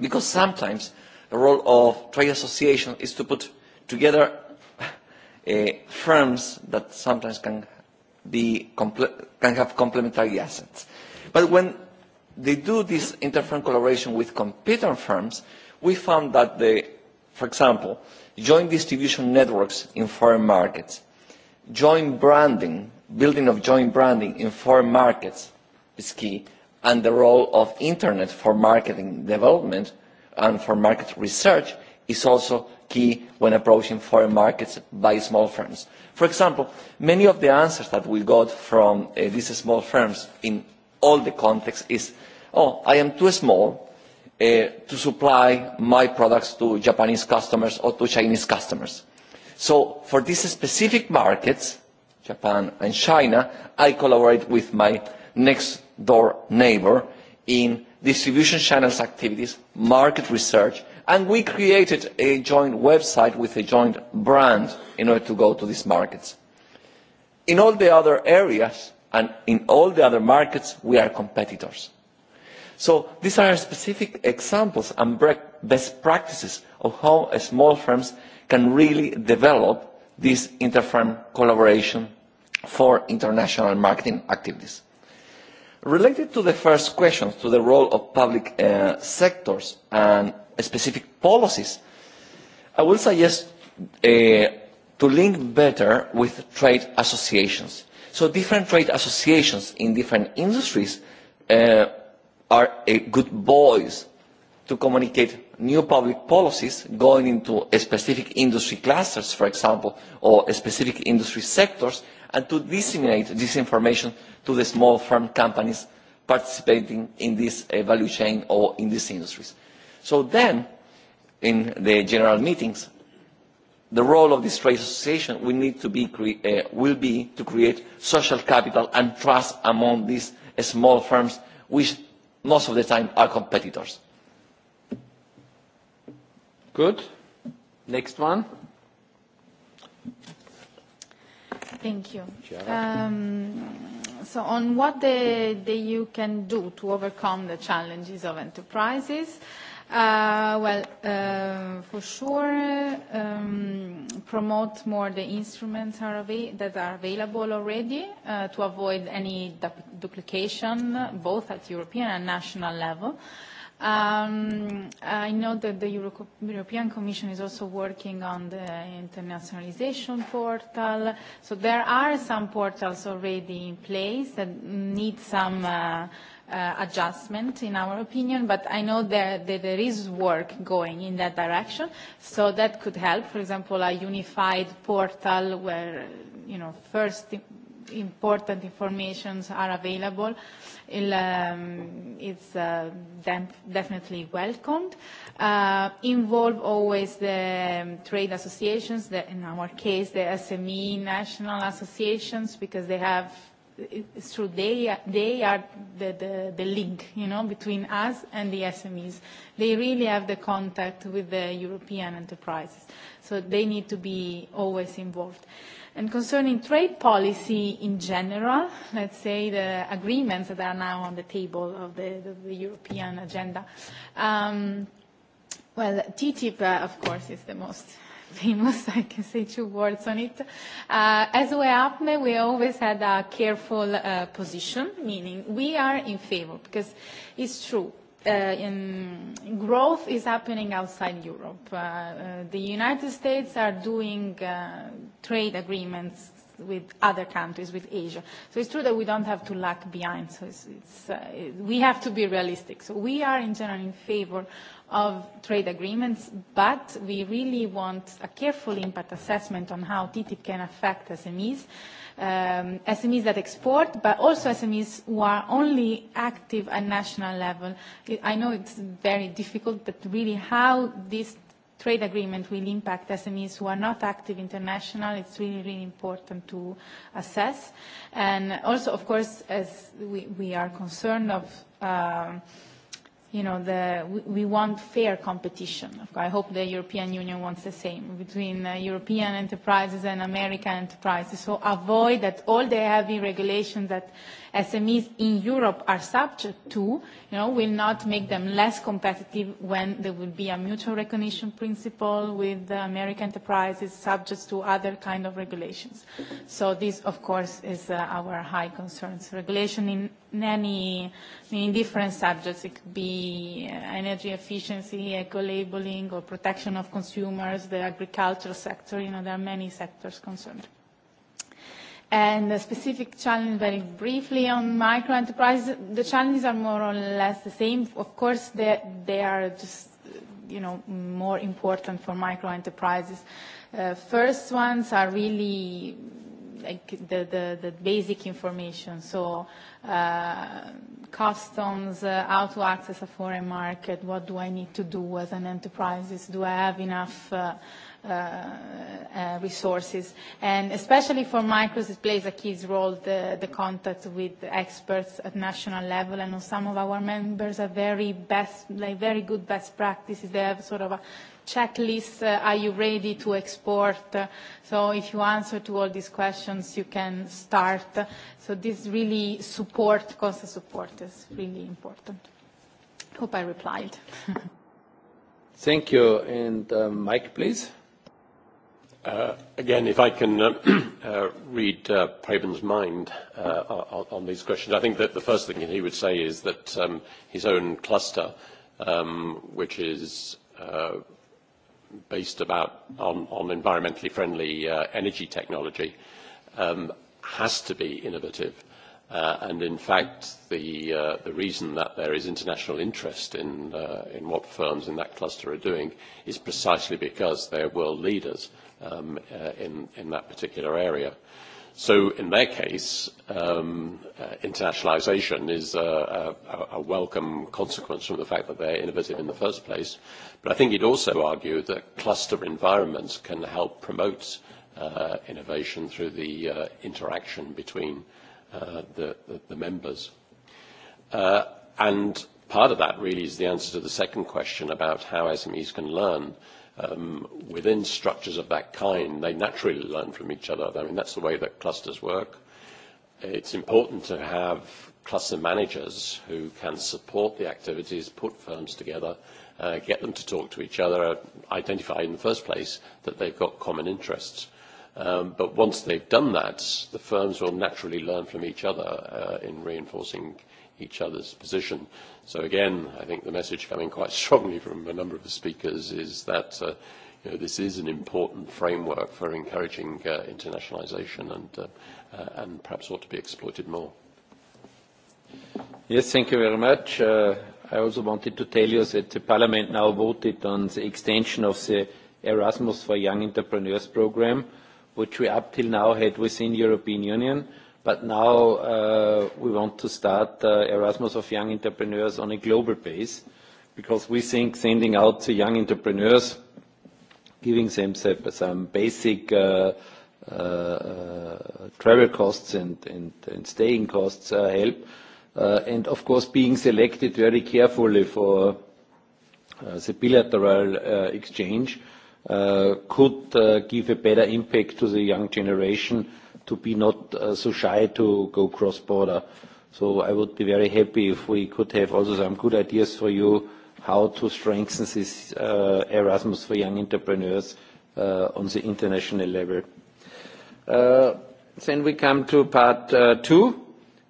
Because sometimes the role of trade association is to put together uh, firms that sometimes can, be can have complementary assets. But when they do this inter-firm collaboration with competing firms, we found that the For example, joint distribution networks in foreign markets, joint branding, building of joint branding in foreign markets is key, and the role of internet for marketing development and for market research is also key when approaching foreign markets by small firms. For example, many of the answers that we got from uh, these small firms in all the contexts is, oh, I am too small, to supply my products to Japanese customers or to Chinese customers. So for these specific markets, Japan and China, I collaborate with my next door neighbor in distribution channels activities, market research, and we created a joint website with a joint brand in order to go to these markets. In all the other areas and in all the other markets, we are competitors So these are specific examples and best practices of how small firms can really develop this inter-firm collaboration for international marketing activities. Related to the first question, to the role of public uh, sectors and specific policies, I will suggest uh, to link better with trade associations. So different trade associations in different industries uh, are a good voice to communicate new public policies going into specific industry clusters, for example, or specific industry sectors, and to disseminate this information to the small firm companies participating in this uh, value chain or in these industries. So then, in the general meetings, the role of this trade association will, need to be cre uh, will be to create social capital and trust among these uh, small firms which most of the time are competitors. Good. Next one. Thank you. Um, so on what the, the EU can do to overcome the challenges of enterprises, Uh, well, uh, for sure, um, promote more the instruments are that are available already uh, to avoid any duplication, both at European and national level. Um, I know that the Euro European Commission is also working on the internationalization portal. So there are some portals already in place that need some uh, uh, adjustment, in our opinion, but I know that, that there is work going in that direction, so that could help. For example, a unified portal where, you know, first important informations are available. um, it's uh, definitely welcomed. Uh, involve always the um, trade associations, the, in our case, the SME national associations, because they have true they, they are the, the, the link, you know, between us and the SMEs. They really have the contact with the European enterprises. So they need to be always involved. And concerning trade policy in general, let's say the agreements that are now on the table of the, the, the European agenda, um, well, TTIP, uh, of course, is the most famous, I can say two words on it. Uh, as UEAPME, we always had a careful uh, position, meaning we are in favor, because it's true. Uh, in growth is happening outside Europe. Uh, uh, the United States are doing uh, trade agreements with other countries, with Asia. So it's true that we don't have to lag behind. So it's, it's, uh, it we have to be realistic. So we are in general in favor of trade agreements, but we really want a careful impact assessment on how TTIP can affect SMEs, um, SMEs that export, but also SMEs who are only active at national level. I know it's very difficult, but really how this trade agreement will impact SMEs who are not active international. It's really, really important to assess. And also, of course, as we, we are concerned of um, uh, you know, the, we want fair competition. I hope the European Union wants the same between uh, European enterprises and American enterprises. So avoid that all the heavy regulations that SMEs in Europe are subject to, you know, will not make them less competitive when there will be a mutual recognition principle with the American enterprises subject to other kind of regulations. So this, of course, is our high concerns. Regulation in many, in different subjects. It could be energy efficiency, eco-labeling, or protection of consumers, the agricultural sector. You know, there are many sectors concerned. And the specific challenge, very briefly, on micro enterprises, the challenges are more or less the same. Of course, they, they are just, you know, more important for micro enterprises. Uh, first ones are really like the, the, the basic information, so uh, customs, uh, how to access a foreign market, what do I need to do as an enterprise, do I have enough uh, uh, resources. And especially for micros, it plays a key role, the, the contact with experts at national level. and some of our members are very best, like very good best practices. They have sort of a checklist, uh, are you ready to export? Uh, so if you answer to all these questions, you can start. So this really support, cost of support is really important. Hope I replied. Thank you. And uh, Mike, please. Uh, again, if I can uh, uh, read uh, Praben's mind uh, on, on these questions, I think that the first thing he would say is that um, his own cluster, um, which is uh, based about on, on environmentally friendly uh, energy technology, um, has to be innovative. Uh, and in fact, the, uh, the reason that there is international interest in, uh, in what firms in that cluster are doing is precisely because they're world leaders. Uh, um, uh, in, in that particular area. So in their case, um, uh, internationalization is a, a, a welcome consequence from the fact that they're innovative in the first place. But I think you'd also argue that cluster environments can help promote uh, innovation through the uh, interaction between uh, the, the, the members. Uh, and part of that really is the answer to the second question about how SMEs can learn. Uh, um, within structures of that kind, they naturally learn from each other. I mean, that's the way that clusters work. It's important to have cluster managers who can support the activities, put firms together, uh, get them to talk to each other, identify in the first place that they've got common interests. Um, but once they've done that, the firms will naturally learn from each other uh, in reinforcing each other's position. So again, I think the message coming quite strongly from a number of the speakers is that uh, you know, this is an important framework for encouraging uh, internationalization and, uh, uh, and perhaps ought to be exploited more. Yes, thank you very much. Uh, I also wanted to tell you that the Parliament now voted on the extension of the Erasmus for Young Entrepreneurs program, which we up till now had within European Union But now uh, we want to start uh, Erasmus of Young Entrepreneurs on a global base because we think sending out to young entrepreneurs, giving them some basic uh, uh, travel costs and, and, and staying costs uh, help. Uh, and of course being selected very carefully for uh, the bilateral uh, exchange uh, could uh, give a better impact to the young generation uh, to be not uh, so shy to go cross-border. So I would be very happy if we could have also some good ideas for you how to strengthen this uh, Erasmus for young entrepreneurs uh, on the international level. Uh, then we come to part uh, two,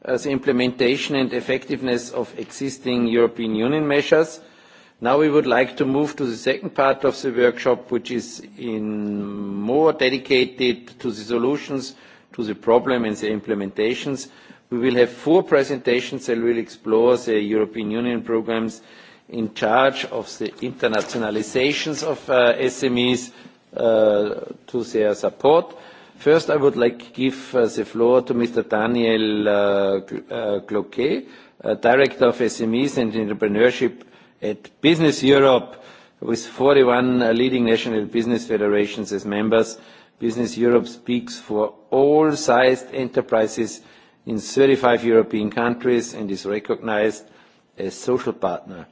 uh, the implementation and effectiveness of existing European Union measures. Now we would like to move to the second part of the workshop, which is in more dedicated to the solutions to the problem and the implementations. We will have four presentations and will explore the European Union programmes in charge of the internationalizations of uh, SMEs uh, to their support. First, I would like to give uh, the floor to Mr. Daniel uh, uh, Cloquet, uh, Director of SMEs and Entrepreneurship at Business Europe, with 41 uh, leading national business federations as members Business Europe speaks for all sized enterprises in 35 European countries and is recognized as social partner.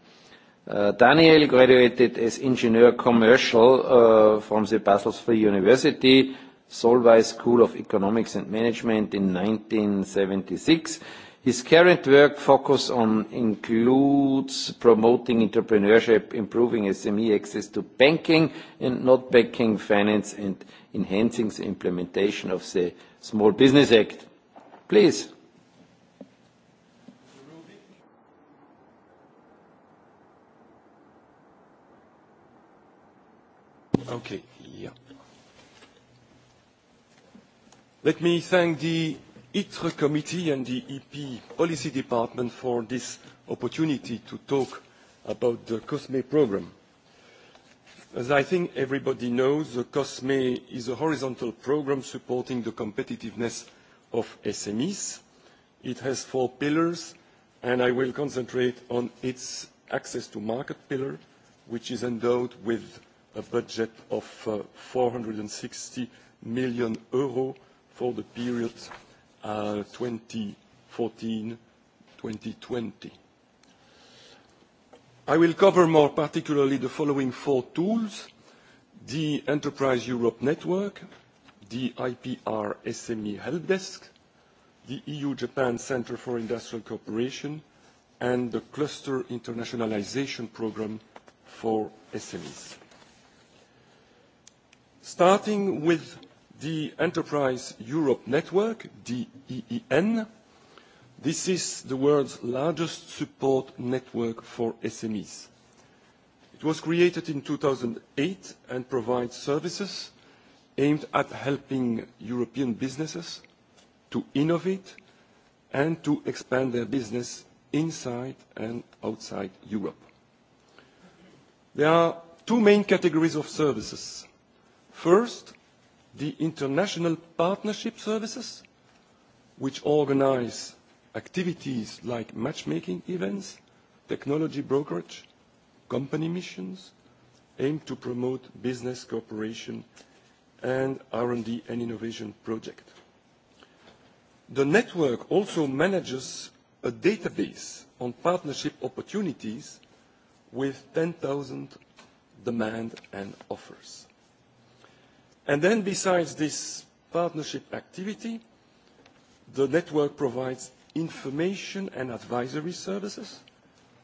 Daniel graduated as Ingenieur Commercial from the Basel Free University, Solvay School of Economics and Management in 1976. His current work focus on includes promoting entrepreneurship, improving SME access to banking and not banking finance, and enhancing the implementation of the Small Business Act. Please. Okay. Yeah. Let me thank the ITRE committee and the EP policy department for this opportunity to talk about the COSME programme. As I think everybody knows, the COSME is a horizontal programme supporting the competitiveness of SMEs. It has four pillars, and I will concentrate on its access to market pillar, which is endowed with a budget of 460 million euro for the period 2014, 2020. I will cover more particularly the following four tools: the Enterprise Europe Network, the IPR SME Help Desk, the EU-Japan Centre for Industrial Cooperation, and the Cluster Internationalization Programme for SMEs. Starting with the Enterprise Europe Network, DEEN. This is the world's largest support network for SMEs. It was created in 2008 and provides services aimed at helping European businesses to innovate and to expand their business inside and outside Europe. There are two main categories of services. First, the international partnership services, which organize activities like matchmaking events, technology brokerage, company missions, aim to promote business cooperation and R&D and innovation project. The network also manages a database on partnership opportunities with 10,000 demand and offers. And then besides this partnership activity, the network provides information and advisory services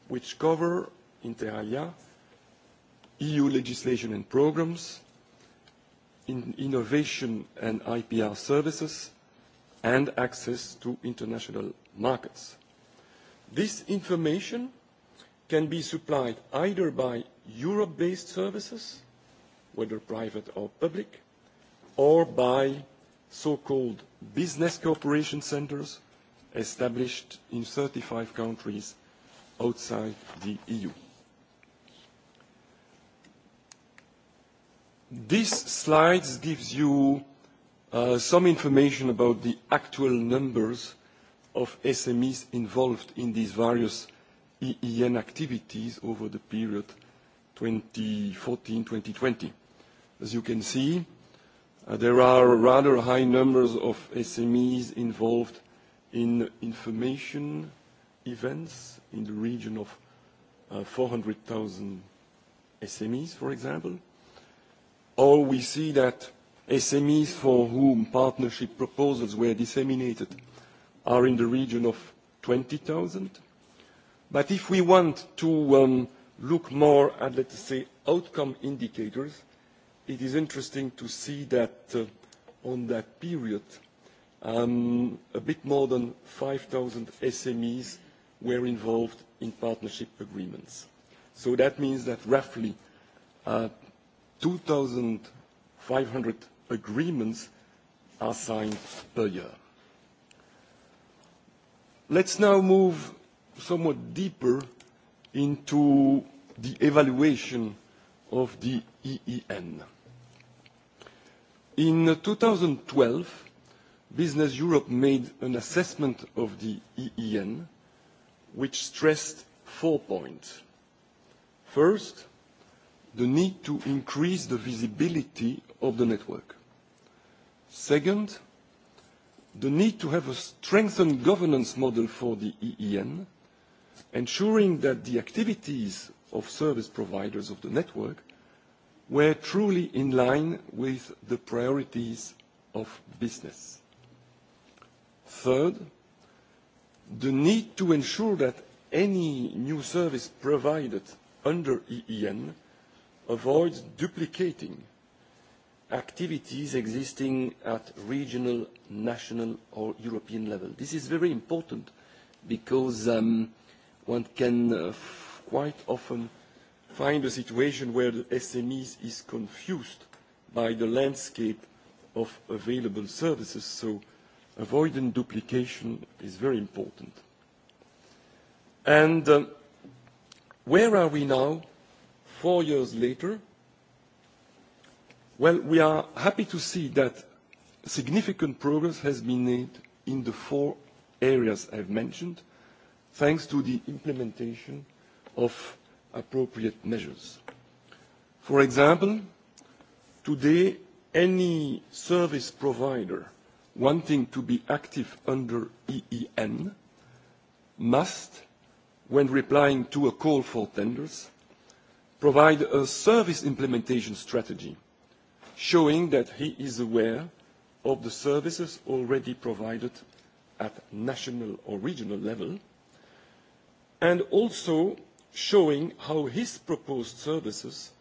which cover, inter alia, EU legislation and programs, in innovation and IPR services, and access to international markets. This information can be supplied either by Europe-based services, whether private or public, or by so-called business cooperation centres established in thirty five countries outside the EU. This slide gives you some information about the actual numbers of SMEs involved in these various EEN activities over the period 2014-2020. As you can see, There are rather high numbers of SMEs involved in information events in the region of uh 400,000 SMEs, for example. Or we see that SMEs for whom partnership proposals were disseminated are in the region of 20,000. But if we want to um look more at, let's say, outcome indicators, it is interesting to see that on that period, a bit more than 5,000 SMEs were involved in partnership agreements. So that means that roughly 2,500 agreements are signed per year. Let's now move somewhat deeper into the evaluation of the EEN. In 2012, Business Europe made an assessment of the EEN, which stressed four points. First, the need to increase the visibility of the network. Second, the need to have a strengthened governance model for the EEN, ensuring that the activities of service providers of the network were truly in line with the priorities of business. Third, the need to ensure that any new service provided under EEN avoids duplicating activities existing at regional, national, or European level. This is very important because one can quite often find a situation where the SMEs is confused by the landscape of available services, so avoiding duplication is very important. And um, where are we now, four years later? Well, we are happy to see that significant progress has been made in the four areas I've mentioned, thanks to the implementation of appropriate measures. For example, today, any service provider wanting to be active under EEN must, when replying to a call for tenders, provide a service implementation strategy showing that he is aware of the services already provided at national or regional level, and also showing how his proposed services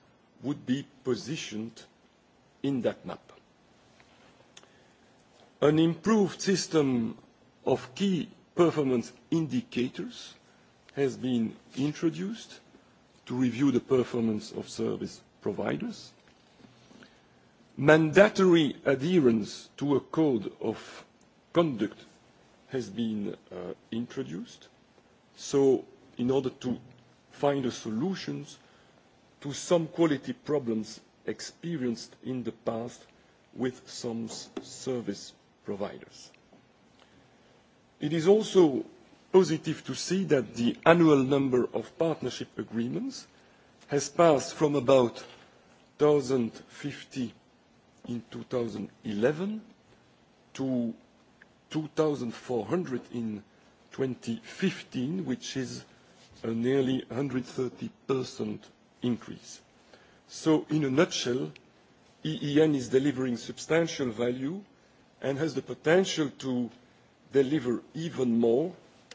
would be positioned in that map. An improved system of key performance indicators has been introduced to review the performance of service providers. Mandatory adherence to a code of conduct has been introduced. So in order to find a solutions to some quality problems experienced in the past with some service providers. It is also positive to see that the annual number of partnership agreements has passed from about 1,050 in 2011 to 2,400 in 2015, which is a nearly 130% increase. So in a nutshell, EEN is delivering substantial value and has the potential to deliver even more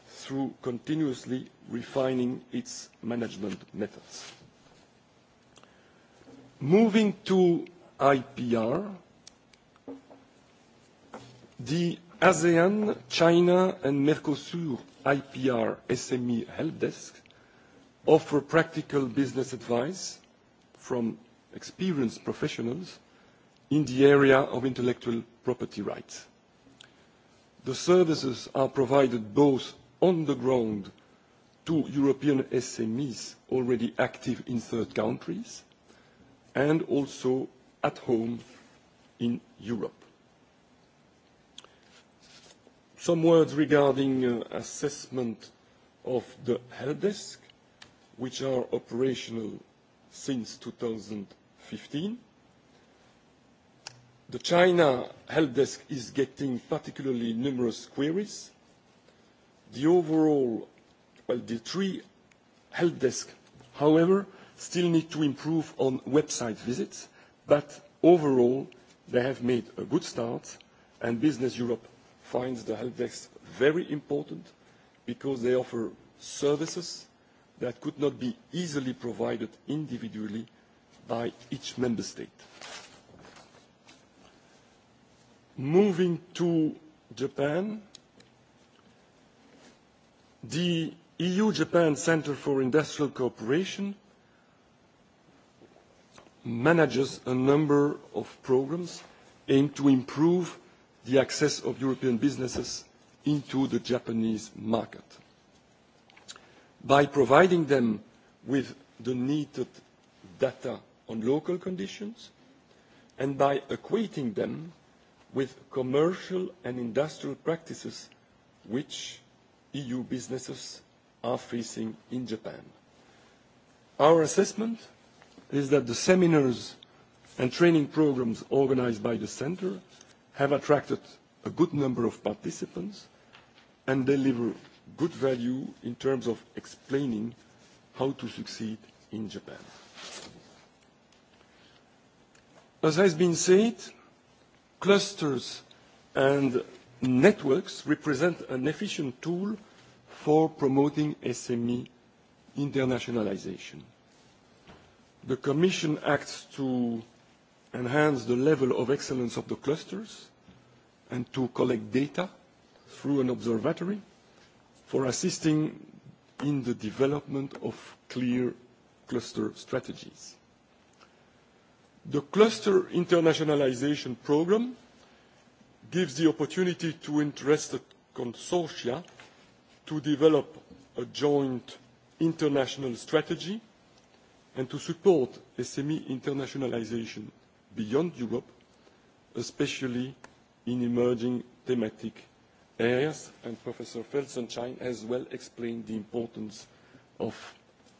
through continuously refining its management methods. Moving to IPR, the ASEAN, China, and Mercosur IPR SME Help Desk offer practical business advice from experienced professionals in the area of intellectual property rights. The services are provided both on the ground to European SMEs already active in third countries and also at home in Europe. Some words regarding assessment of the help desk, which are operational since 2015. The China help desk is getting particularly numerous queries. The overall, well, the three help however, still need to improve on website visits, but overall, they have made a good start, and Business Europe finds the help desk very important because they offer services that could not be easily provided individually by each member state. Moving to Japan, the EU-Japan Centre for Industrial Cooperation manages a number of programs aimed to improve the access of European businesses into the Japanese market. By providing them with the needed data on local conditions and by equating them with commercial and industrial practices which EU businesses are facing in Japan. Our assessment is that the seminars and training programs organized by the Centre have attracted a good number of participants and deliver good value in terms of explaining how to succeed in Japan. As has been said, clusters and networks represent an efficient tool for promoting SME internationalization. The Commission acts to enhance the level of excellence of the clusters and to collect data through an observatory for assisting in the development of clear cluster strategies. The cluster internationalization program gives the opportunity to interested consortia to develop a joint international strategy and to support SME internationalization beyond Europe, especially in emerging thematic areas, and Professor Felsenstein has well explained the importance of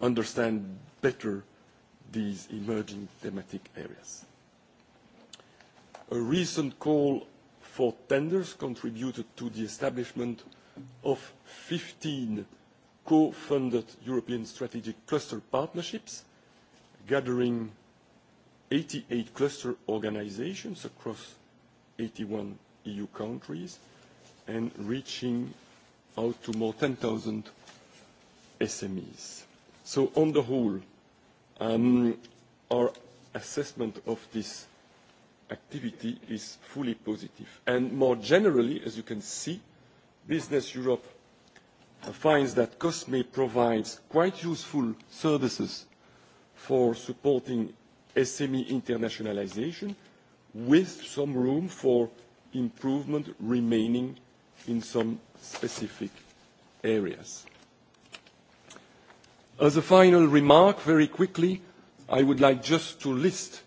understand better these emerging thematic areas. A recent call for tenders contributed to the establishment of 15 co-funded European strategic cluster partnerships, gathering 88 cluster organizations across 81 EU countries and reaching out to more 10,000 SMEs. So on the whole, um, our assessment of this activity is fully positive. And more generally, as you can see, Business Europe finds that COSME provides quite useful services for supporting SME internationalization with some room for improvement remaining in some specific areas. As a final remark, very quickly, I would like just to list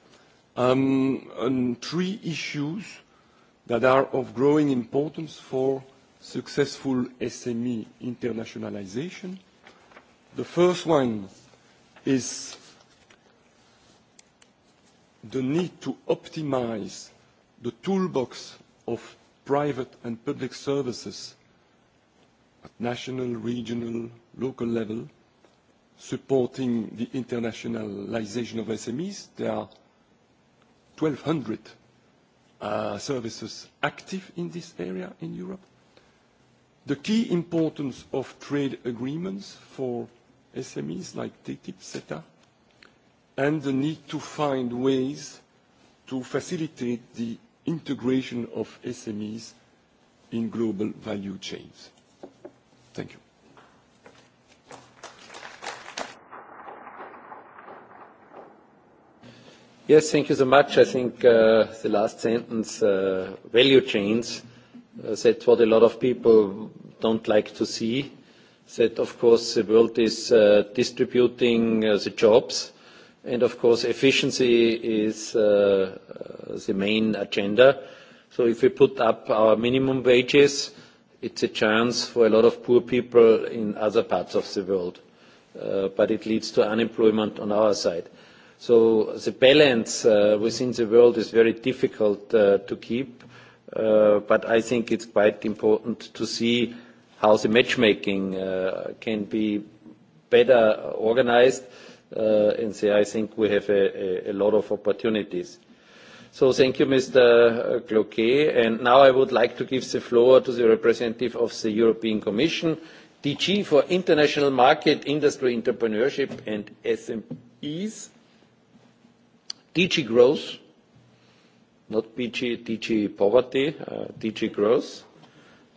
three issues that are of growing importance for successful SME internationalization. The first one is the need to optimise the toolbox of private and public services at national, regional, local level, supporting the internationalisation of SMEs. There are 1,200 services active in this area in Europe. The key importance of trade agreements for SMEs like TTIP, CETA, and the need to find ways to facilitate the integration of SMEs in global value chains. Thank you. Yes, thank you so much. I think uh, the last sentence, uh, value chains, uh, that's what a lot of people don't like to see. That, of course, the world is uh, distributing uh, the jobs and Of course, efficiency is the main agenda. So If we put up our minimum wages, it's a chance for a lot of poor people in other parts of the world, but it leads to unemployment on our side. So The balance within the world is very difficult to keep, but I think it's quite important to see how the matchmaking can be better organized uh, and say I think we have a, a, a lot of opportunities. So thank you, Mr. Cloquet. And now I would like to give the floor to the representative of the European Commission, DG for International Market, Industry, Entrepreneurship and SMEs, DG Growth, not PG, DG Poverty, uh, DG Growth.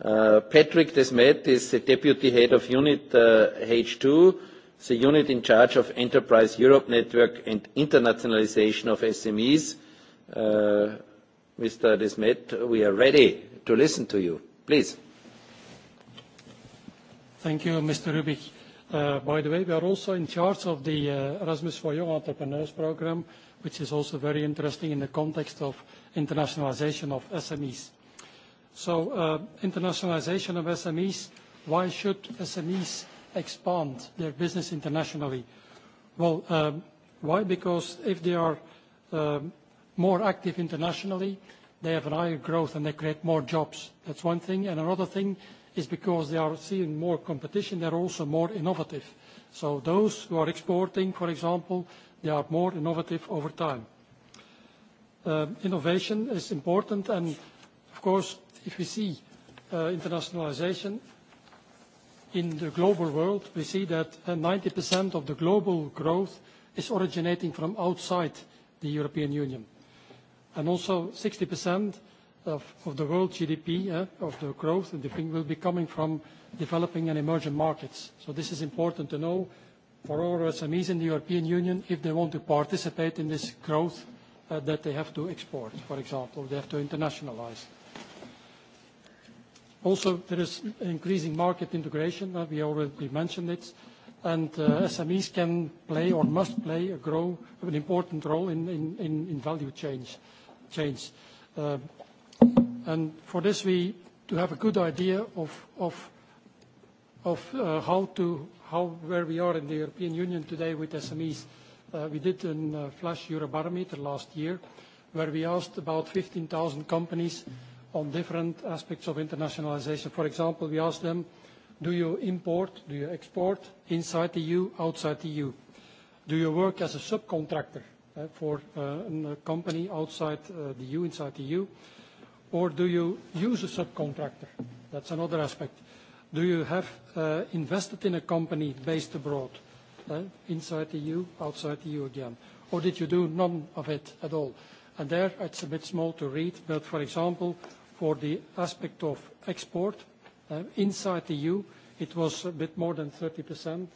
Uh, Patrick Desmet is the Deputy Head of Unit uh, H2, the unit in charge of Enterprise Europe Network and internationalization of SMEs. Mr. Desmet, we are ready to listen to you. Please. Thank you, Mr. Rubik. By the way, we are also in charge of the Erasmus for Young Entrepreneurs program, which is also very interesting in the context of internationalization of SMEs. So, internationalization of SMEs, why should SMEs expand their business internationally? Well, why? Because if they are more active internationally, they have a higher growth and they create more jobs. That's one thing. And Another thing is because they are seeing more competition, they're also more innovative. So Those who are exporting, for example, they are more innovative over time. Innovation is important, and of course, if we see internationalization, in the global world, we see that 90% of the global growth is originating from outside the European Union. and Also 60% of the world GDP, of the growth and the thing will be coming from developing and emerging markets. So This is important to know for all SMEs in the European Union if they want to participate in this growth that they have to export, for example, they have to internationalize. Also, there is increasing market integration. We already mentioned it. and SMEs can play or must play a grow an important role in value change. And For this, we to have a good idea of how to where we are in the European Union today with SMEs. We did a flash Eurobarometer last year, where we asked about 15,000 companies on different aspects of internationalization. For example, we asked them, do you import, do you export inside the EU, outside the EU? Do you work as a subcontractor for a company outside the EU, inside the EU? Or do you use a subcontractor? That's another aspect. Do you have invested in a company based abroad, inside the EU, outside the EU again? Or did you do none of it at all? And There, it's a bit small to read, but for example, for the aspect of export. Inside the EU, it was a bit more than 30%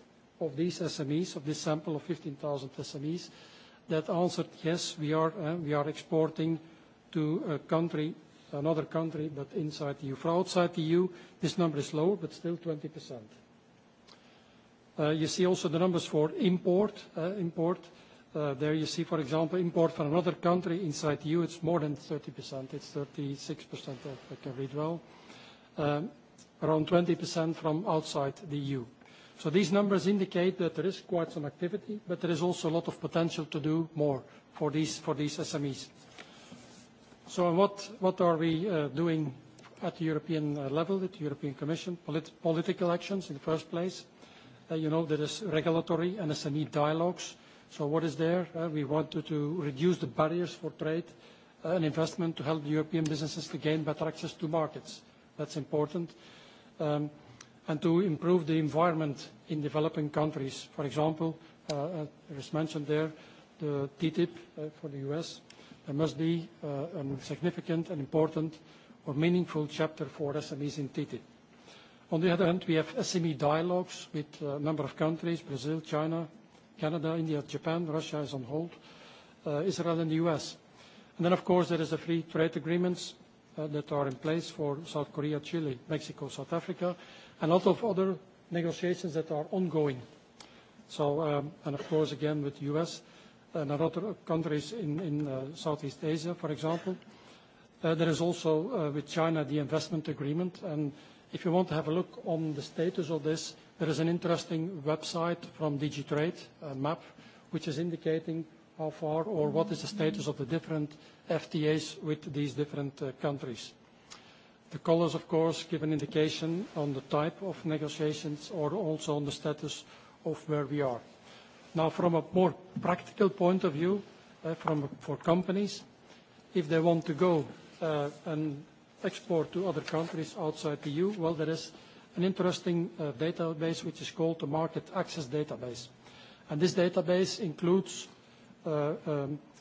of these SMEs, of this sample of 15,000 SMEs, that answered, "Yes, we are exporting to a country, another country, but inside the EU." For outside the EU, this number is lower, but still 20%. You see also the numbers for import. Import There you see, for example, import from another country inside EU, it's more than 30%. It's 36%, if I can read well. Around 20% from outside the EU. So These numbers indicate that there is quite some activity, but there is also a lot of potential to do more for these SMEs. So What are we doing at the European level, at the European Commission? Political actions in the first place. You know, there is regulatory and SME dialogues So what is there? We wanted to reduce the barriers for trade and investment to help the European businesses to gain better access to markets. That's important. And to improve the environment in developing countries. For example, it was mentioned there, the TTIP for the U.S. There must be a significant and important or meaningful chapter for SMEs in TTIP. On the other hand, we have SME dialogues with a number of countries, Brazil, China, Canada, India, Japan, Russia is on hold, uh, Israel and the US. And then, of course, there is the free trade agreements uh, that are in place for South Korea, Chile, Mexico, South Africa, and a lot of other negotiations that are ongoing. So, um, and of course, again, with the US and other countries in, in uh, Southeast Asia, for example. Uh, there is also uh, with China the investment agreement. And if you want to have a look on the status of this, There is an interesting website from Digitrade, a map, which is indicating how far or what is the status of the different FTAs with these different countries. The colors, of course, give an indication on the type of negotiations or also on the status of where we are. Now, from a more practical point of view, for companies, if they want to go and export to other countries outside the EU, well, there is an interesting database which is called the Market Access Database. this database includes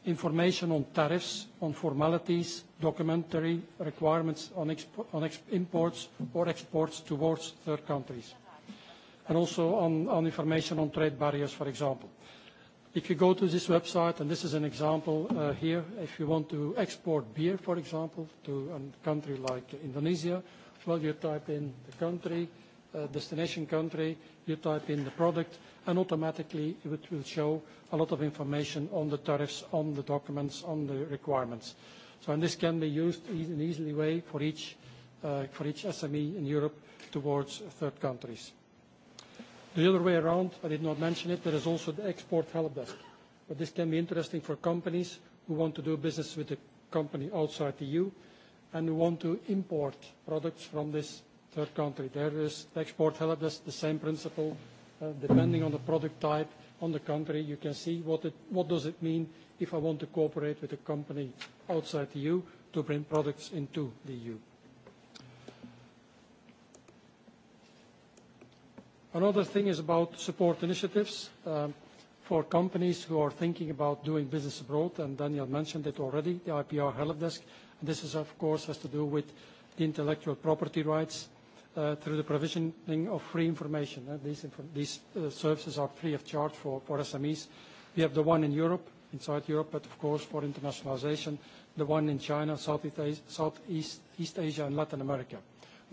information on tariffs, on formalities, documentary requirements on, imports or exports towards third countries, and also on, information on trade barriers, for example. If you go to this website, and this is an example here, if you want to export beer, for example, to a country like Indonesia Well, you type in the country, destination country, you type in the product, and automatically it will show a lot of information on the tariffs, on the documents, on the requirements. So, this can be used in an easy way for each, uh, for each SME in Europe towards third countries. The other way around, I did not mention it, there is also the export help desk. But this can be interesting for companies who want to do business with a company outside the EU and who want to import products from this third country. There is the export help desk, the same principle. Depending on the product type, on the country, you can see what it what does it mean if I want to cooperate with a company outside the EU to bring products into the EU. Another thing is about support initiatives for companies who are thinking about doing business abroad, and Daniel mentioned it already, the IPR help desk. This is, of course, has to do with the intellectual property rights through the provisioning of free information. These services are free of charge for SMEs. We have the one in Europe, inside Europe, but of course, for internationalization, the one in China, Southeast Asia, and Latin America.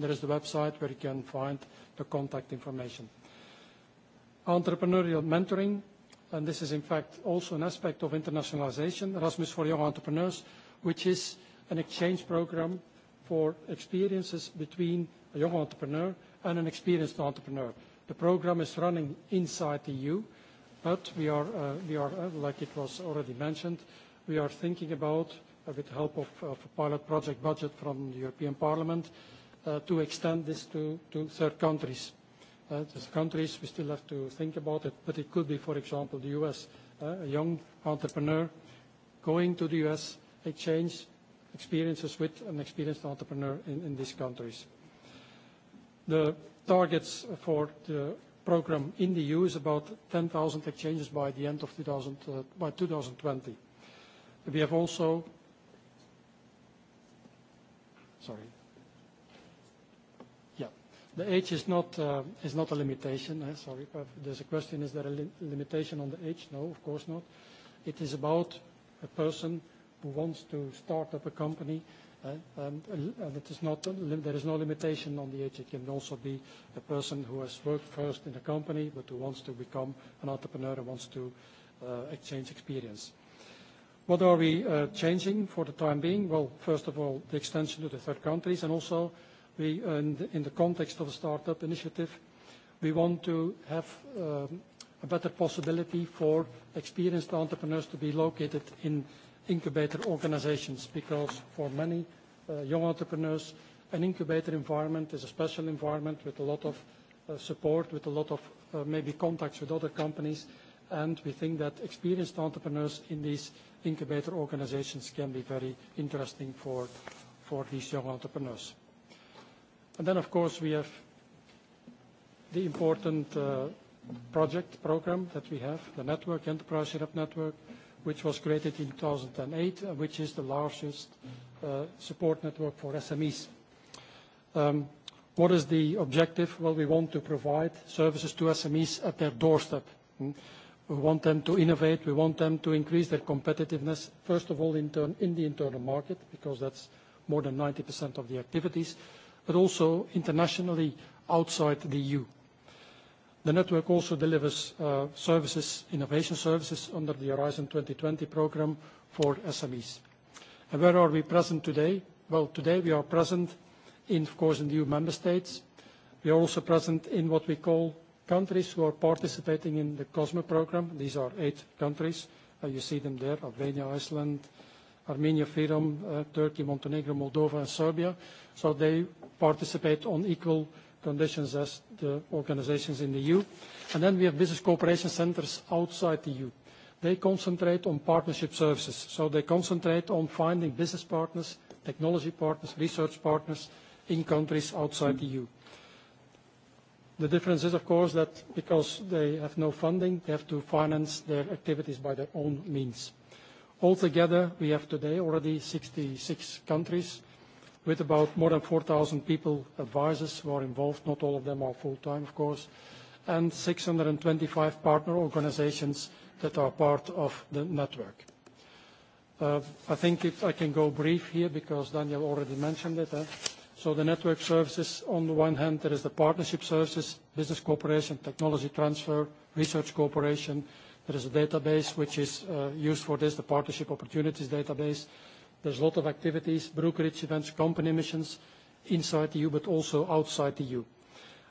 There is the website where you can find the contact information. Entrepreneurial mentoring, and this is in fact also an aspect of internationalization, Erasmus for Young Entrepreneurs, which is an exchange program for experiences between a young entrepreneur and an experienced entrepreneur. The program is running inside the EU, but we are, like it was already mentioned, we are thinking about, with the help of a pilot project budget from the European Parliament, to extend this to third countries. There's countries we still have to think about it, but it could be, for example, the U.S. A young entrepreneur going to the U.S., exchange experiences with an experienced entrepreneur in these countries. The targets for the program in the EU is about 10,000 exchanges by the end of 2020. We have also. Sorry. The age is not a limitation. Sorry. There's a question, is there a limitation on the age? No, of course not. It is about a person who wants to start up a company, and it is not there is no limitation on the age. It can also be a person who has worked first in a company, but who wants to become an entrepreneur and wants to exchange experience. What are we changing for the time being? Well, first of all, the extension to the third countries, and also we, in the context of a startup initiative, we want to have a better possibility for experienced entrepreneurs to be located in incubator organizations, because for many young entrepreneurs, an incubator environment is a special environment with a lot of support, with a lot of maybe contacts with other companies, and we think that experienced entrepreneurs in these incubator organizations can be very interesting for these young entrepreneurs. And then, of course, we have the important project program that we have, the network, Enterprise Europe Network, which was created in 2008, which is the largest support network for SMEs. What is the objective? Well, we want to provide services to SMEs at their doorstep. We want them to innovate. We want them to increase their competitiveness, first of all, in the internal market, because that's more than 90% of the activities, but also internationally outside the EU. The network also delivers services, innovation services under the Horizon 2020 program for SMEs. And Where are we present today? Well, today we are present in, of course, in the EU member states. We are also present in what we call countries who are participating in the COSME program. These are eight countries. You see them there, Albania, Iceland, Armenia, Freedom, Turkey, Montenegro, Moldova, and Serbia. So they participate on equal conditions as the organizations in the EU. And then we have business cooperation centers outside the EU. They concentrate on partnership services. So they concentrate on finding business partners, technology partners, research partners in countries outside the EU. The difference is, of course, that because they have no funding, they have to finance their activities by their own means. Altogether, we have today already 66 countries with about more than 4,000 people, advisors who are involved. Not all of them are full-time, of course, and 625 partner organizations that are part of the network. I think if I can go brief here because Daniel already mentioned it. So The network services, on the one hand, there is the partnership services, business cooperation, technology transfer, research cooperation, There is a database which is used for this, the Partnership Opportunities Database. There's a lot of activities, brokerage events, company missions inside the EU, but also outside the EU.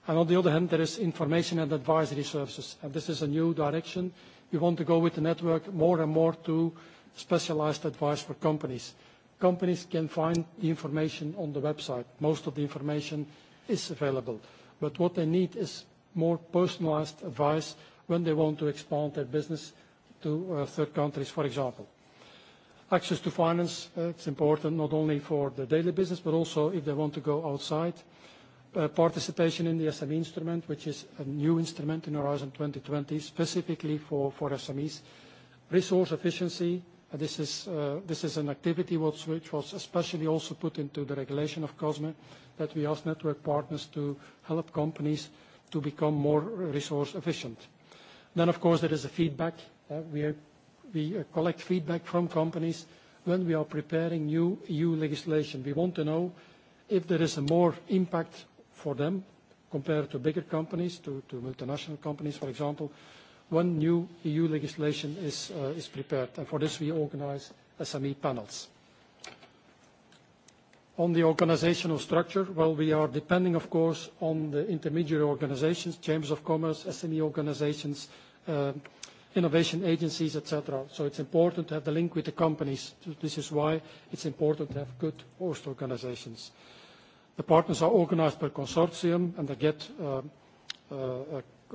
And On the other hand, there is information and advisory services, and this is a new direction. We want to go with the network more and more to specialized advice for companies. Companies can find the information on the website. Most of the information is available. but What they need is more personalized advice when they want to expand their business to third countries, for example. Access to finance, it's important not only for the daily business, but also if they want to go outside. Participation in the SME instrument, which is a new instrument in Horizon 2020, specifically for SMEs. Resource efficiency, this is an activity which was especially also put into the regulation of COSME, that we ask network partners to help companies to become more resource efficient Then, of course, there is a feedback. We collect feedback from companies when we are preparing new EU legislation. We want to know if there is a more impact for them compared to bigger companies, to multinational companies, for example, when new EU legislation is prepared. For this, we organize SME panels. On the organizational structure, well, we are depending, of course, on the intermediary organizations, chambers of commerce, SME organizations, innovation agencies, et cetera. So it's important to have the link with the companies. This is why it's important to have good host organizations. The partners are organized by consortium, and they get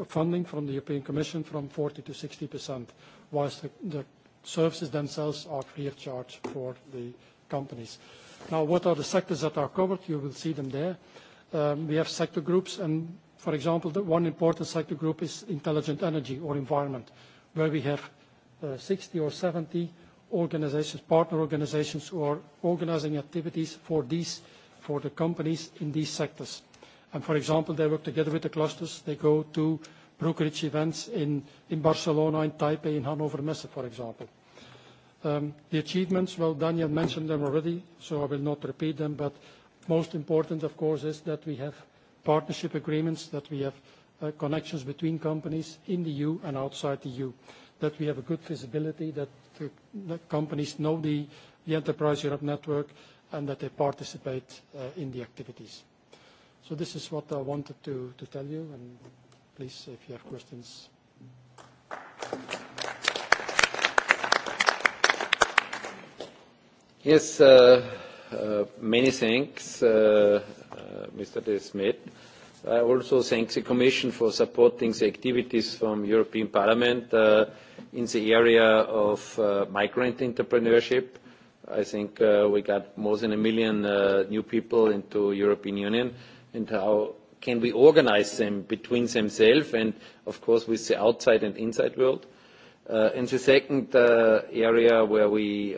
funding from the European Commission from 40% to 60%, whilst the services themselves are free of charge for the companies. Now, what are the sectors that are covered? You will see them there. We have sector groups, and for example, the one important sector group is intelligent energy or environment, where we have 60 or 70 organizations, partner organizations, who are organizing activities for these, for the companies in these sectors. And for example, they work together with the clusters. They go to brokerage events in Barcelona, in Taipei, in Hannover Messe, for example. The achievements, well, Daniel mentioned them already, so I will not repeat them, but most important, of course, is that we have partnership agreements, that we have connections between companies in the EU and outside the EU, that we have a good visibility, that the companies know the Enterprise Europe network, and that they participate in the activities. So This is what I wanted to tell you, and please, if you have questions. Yes, uh, uh, many thanks, uh, uh, Mr. De Smet. I also thank the Commission for supporting the activities from European Parliament uh, in the area of uh, migrant entrepreneurship. I think uh, we got more than a million uh, new people into European Union and how can we organize them between themselves and of course with the outside and inside world. And the second area where we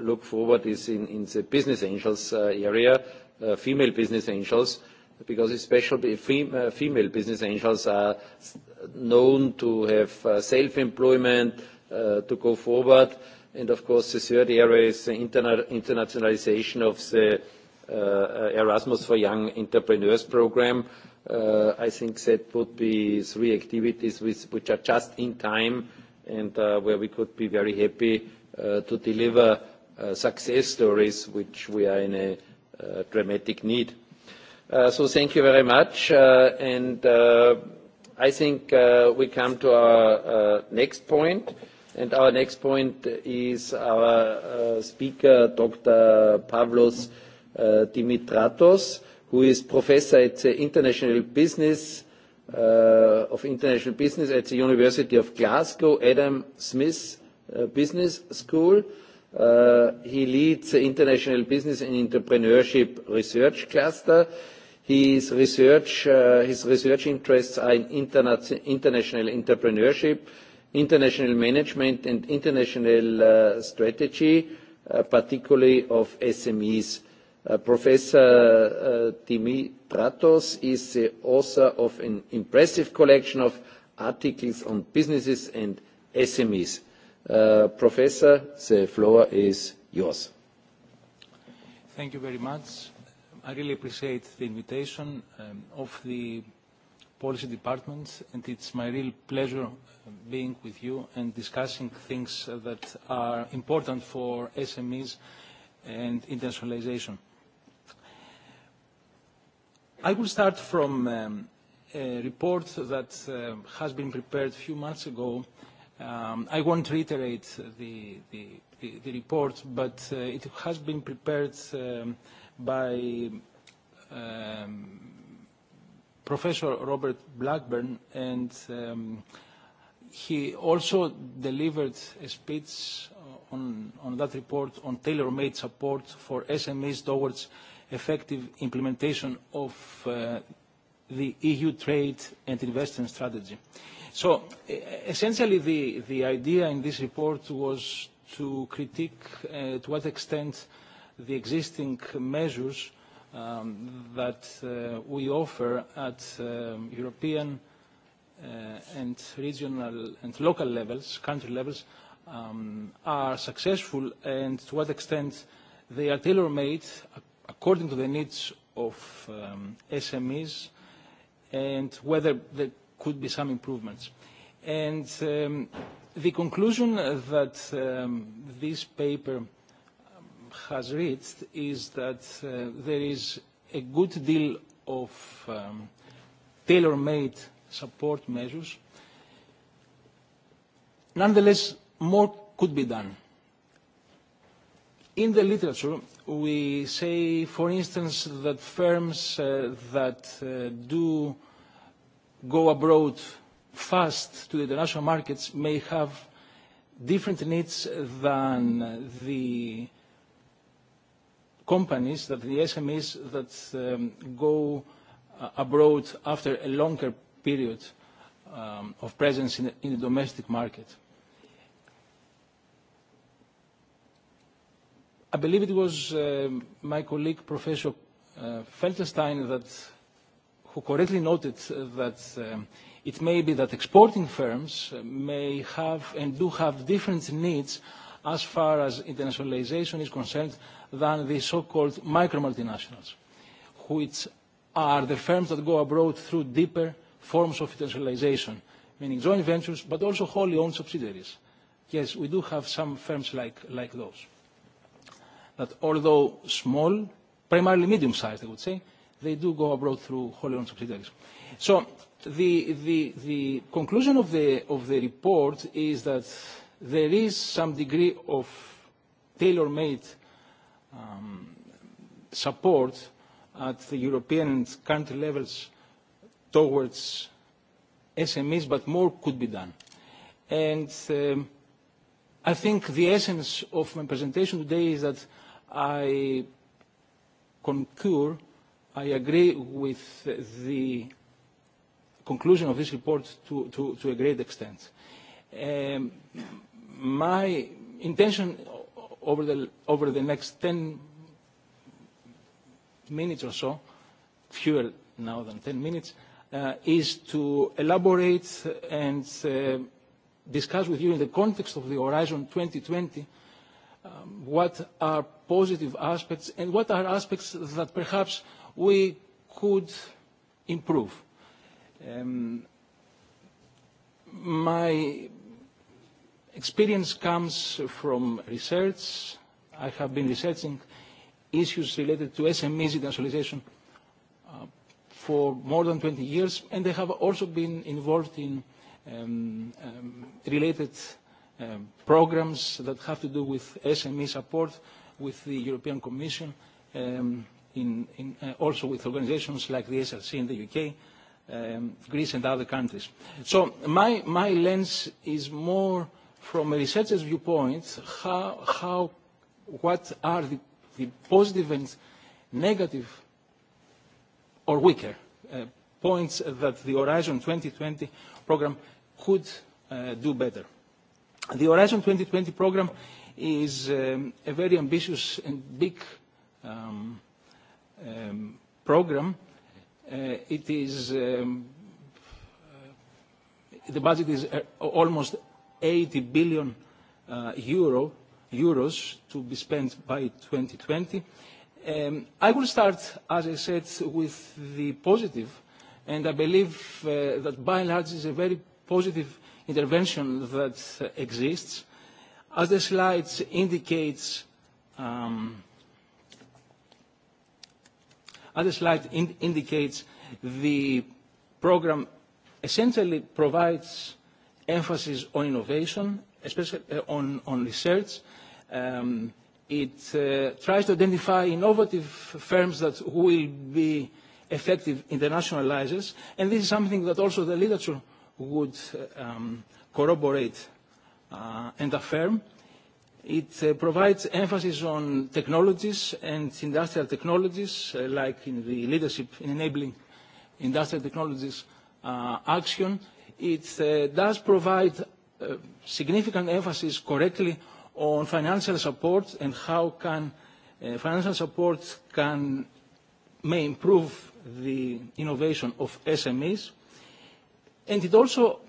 look forward is in the business angels area, female business angels, because especially female business angels are known to have self-employment to go forward. And of course, the third area is the internationalization of the Erasmus for Young Entrepreneurs program. I think that would be three activities which are just in time and where we could be very happy to deliver success stories, which we are in a dramatic need. so thank you very much. I think we come to our next point. And our next point is our speaker, Dr. Pavlos Dimitratos, who is professor at the International Business uh, of International Business at the University of Glasgow, Adam Smith uh, Business School. Uh, he leads the International Business and Entrepreneurship Research Cluster. His research, uh, his research interests are in interna- international entrepreneurship, international management, and international uh, strategy, uh, particularly of SMEs Professor Dimitratos is the author of an impressive collection of articles on businesses and SMEs. Professor, the floor is yours. Thank you very much. I really appreciate the invitation of the policy department, and it's my real pleasure being with you and discussing things that are important for SMEs and internationalization. I will start from um, a report that uh, has been prepared a few months ago. Um, I won't reiterate the, the, the, the report, but uh, it has been prepared um, by um, Professor Robert Blackburn, and um, he also delivered a speech on, on that report on tailor-made support for SMEs towards effective implementation of the EU trade and investment strategy. So essentially the, the idea in this report was to critique uh, to what extent the existing measures um, that uh, we offer at um, European uh, and regional and local levels, country levels, um, are successful and to what extent they are tailor-made according to the needs of um, SMEs and whether there could be some improvements. And um, the conclusion that um, this paper has reached is that uh, there is a good deal of um, tailor-made support measures. Nonetheless, more could be done In the literature, we say, for instance, that firms uh, that uh, do go abroad fast to the international markets may have different needs than the companies, that the SMEs that um, go abroad after a longer period um, of presence in the, in the domestic market I believe it was uh, my colleague, Professor uh, Feltenstein, that, who correctly noted that um, it may be that exporting firms may have and do have different needs as far as internationalization is concerned than the so-called micro-multinationals, which are the firms that go abroad through deeper forms of internationalization, meaning joint ventures, but also wholly owned subsidiaries. Yes, we do have some firms like, like those that although small, primarily medium-sized, I would say, they do go abroad through wholly owned subsidiaries. So the, the, the conclusion of the, of the report is that there is some degree of tailor-made um, support at the European and country levels towards SMEs, but more could be done. And um, I think the essence of my presentation today is that I concur, I agree with the conclusion of this report to, to, to a great extent. Um, my intention over the, over the next 10 minutes or so, fewer now than 10 minutes, uh, is to elaborate and uh, discuss with you in the context of the Horizon 2020 what are positive aspects and what are aspects that perhaps we could improve. My experience comes from research. I have been researching issues related to SMEs internationalization for more than 20 years, and I have also been involved in um, um, related um, programs that have to do with SME support with the European Commission, um, in, in, uh, also with organizations like the SRC in the UK, um, Greece and other countries. So my, my lens is more from a researcher's viewpoint, how, how, what are the, the positive and negative or weaker uh, points that the Horizon 2020 program could uh, do better. The Horizon 2020 program is um, a very ambitious and big um, um, program. Uh, it is um, the budget is uh, almost 80 billion uh, euro euros to be spent by 2020. Um, I will start, as I said, with the positive, and I believe uh, that by and large is a very positive uh, intervention that exists. As the slides indicates, um, as the slide in indicates, the program essentially provides emphasis on innovation, especially on, on research. Um, it uh, tries to identify innovative firms that will be effective internationalizers, and this is something that also the literature would um, corroborate uh, and affirm. It uh, provides emphasis on technologies and industrial technologies, uh, like in the leadership in enabling industrial technologies uh, action. It uh, does provide uh, significant emphasis correctly on financial support and how can uh, financial support can may improve the innovation of SMEs. Uh, and it also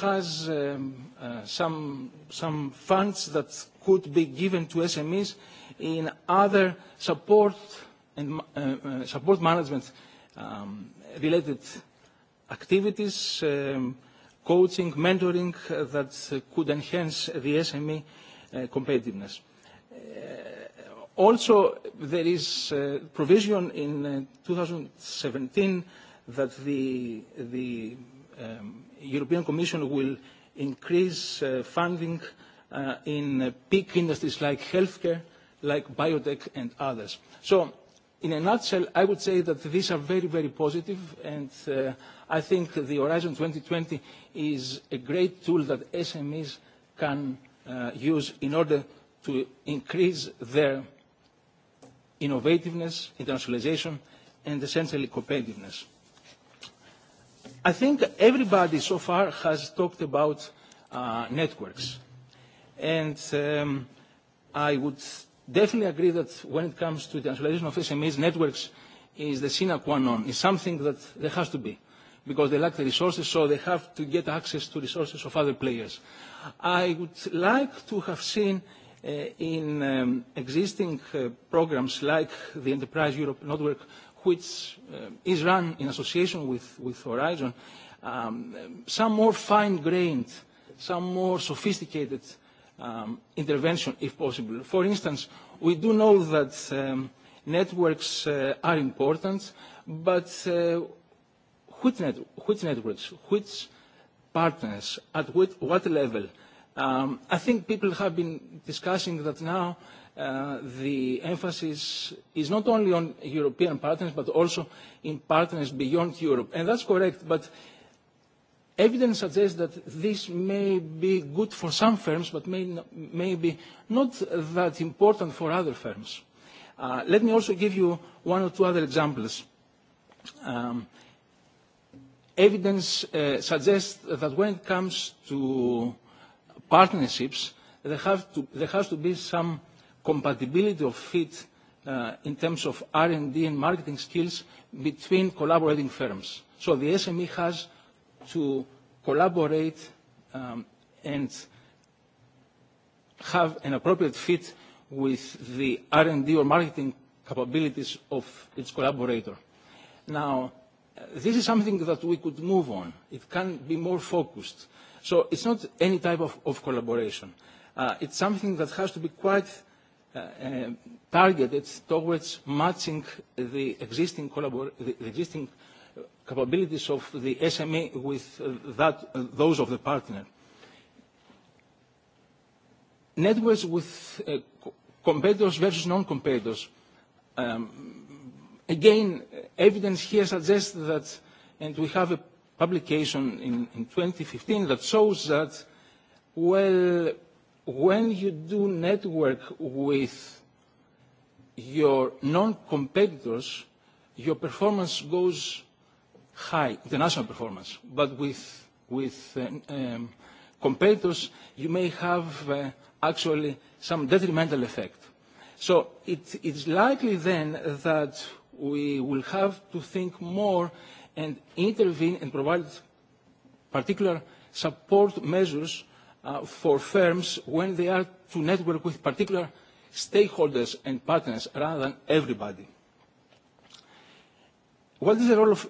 has um, uh, some, some funds that could be given to SMEs in other support and uh, uh, support management um, related activities, um, coaching, mentoring uh, that uh, could enhance the SME uh, competitiveness. Uh, also, there is uh, provision in uh, 2017 that the, the um, European Commission will increase uh, funding uh, in uh, peak industries like healthcare, like biotech and others. So in a nutshell, I would say that these are very, very positive, and uh, I think the Horizon 2020 is a great tool that SMEs can uh, use in order to increase their innovativeness, internationalization, and essentially competitiveness. I think everybody so far has talked about uh, networks. And um, I would definitely agree that when it comes to the translation of SMEs, networks is the sine qua non. It's something that there has to be because they lack the resources, so they have to get access to resources of other players. I would like to have seen uh, in um, existing uh, programs like the Enterprise Europe Network which uh, is run in association with, with Horizon, um, some more fine-grained, some more sophisticated um, intervention, if possible. For instance, we do know that um, networks uh, are important, but uh, which, net, which networks, which partners, at what, what level? Um, I think people have been discussing that now the emphasis is not only on European partners, but also in partners beyond Europe. And that's correct, but evidence suggests that this may be good for some firms, but may, may be not that important for other firms. Uh, let me also give you one or two other examples. Um, evidence uh, suggests that when it comes to partnerships, there, have to, there has to be some compatibility of fit uh, in terms of R&D and marketing skills between collaborating firms. So the SME has to collaborate um, and have an appropriate fit with the R&D or marketing capabilities of its collaborator. Now, this is something that we could move on. It can be more focused. So it's not any type of, of collaboration. Uh, it's something that has to be quite targeted towards matching the existing collabor- the existing capabilities of the SME with that, those of the partner. Networks with uh, competitors versus non-competitors. Um, again, evidence here suggests that, and we have a publication in, in 2015 that shows that, well, when you do network with your non-competitors, your performance goes high, international performance. But with, with um, competitors, you may have uh, actually some detrimental effect. So it, it's likely then that we will have to think more and intervene and provide particular support measures for firms when they are to network with particular stakeholders and partners rather than everybody. What is the role of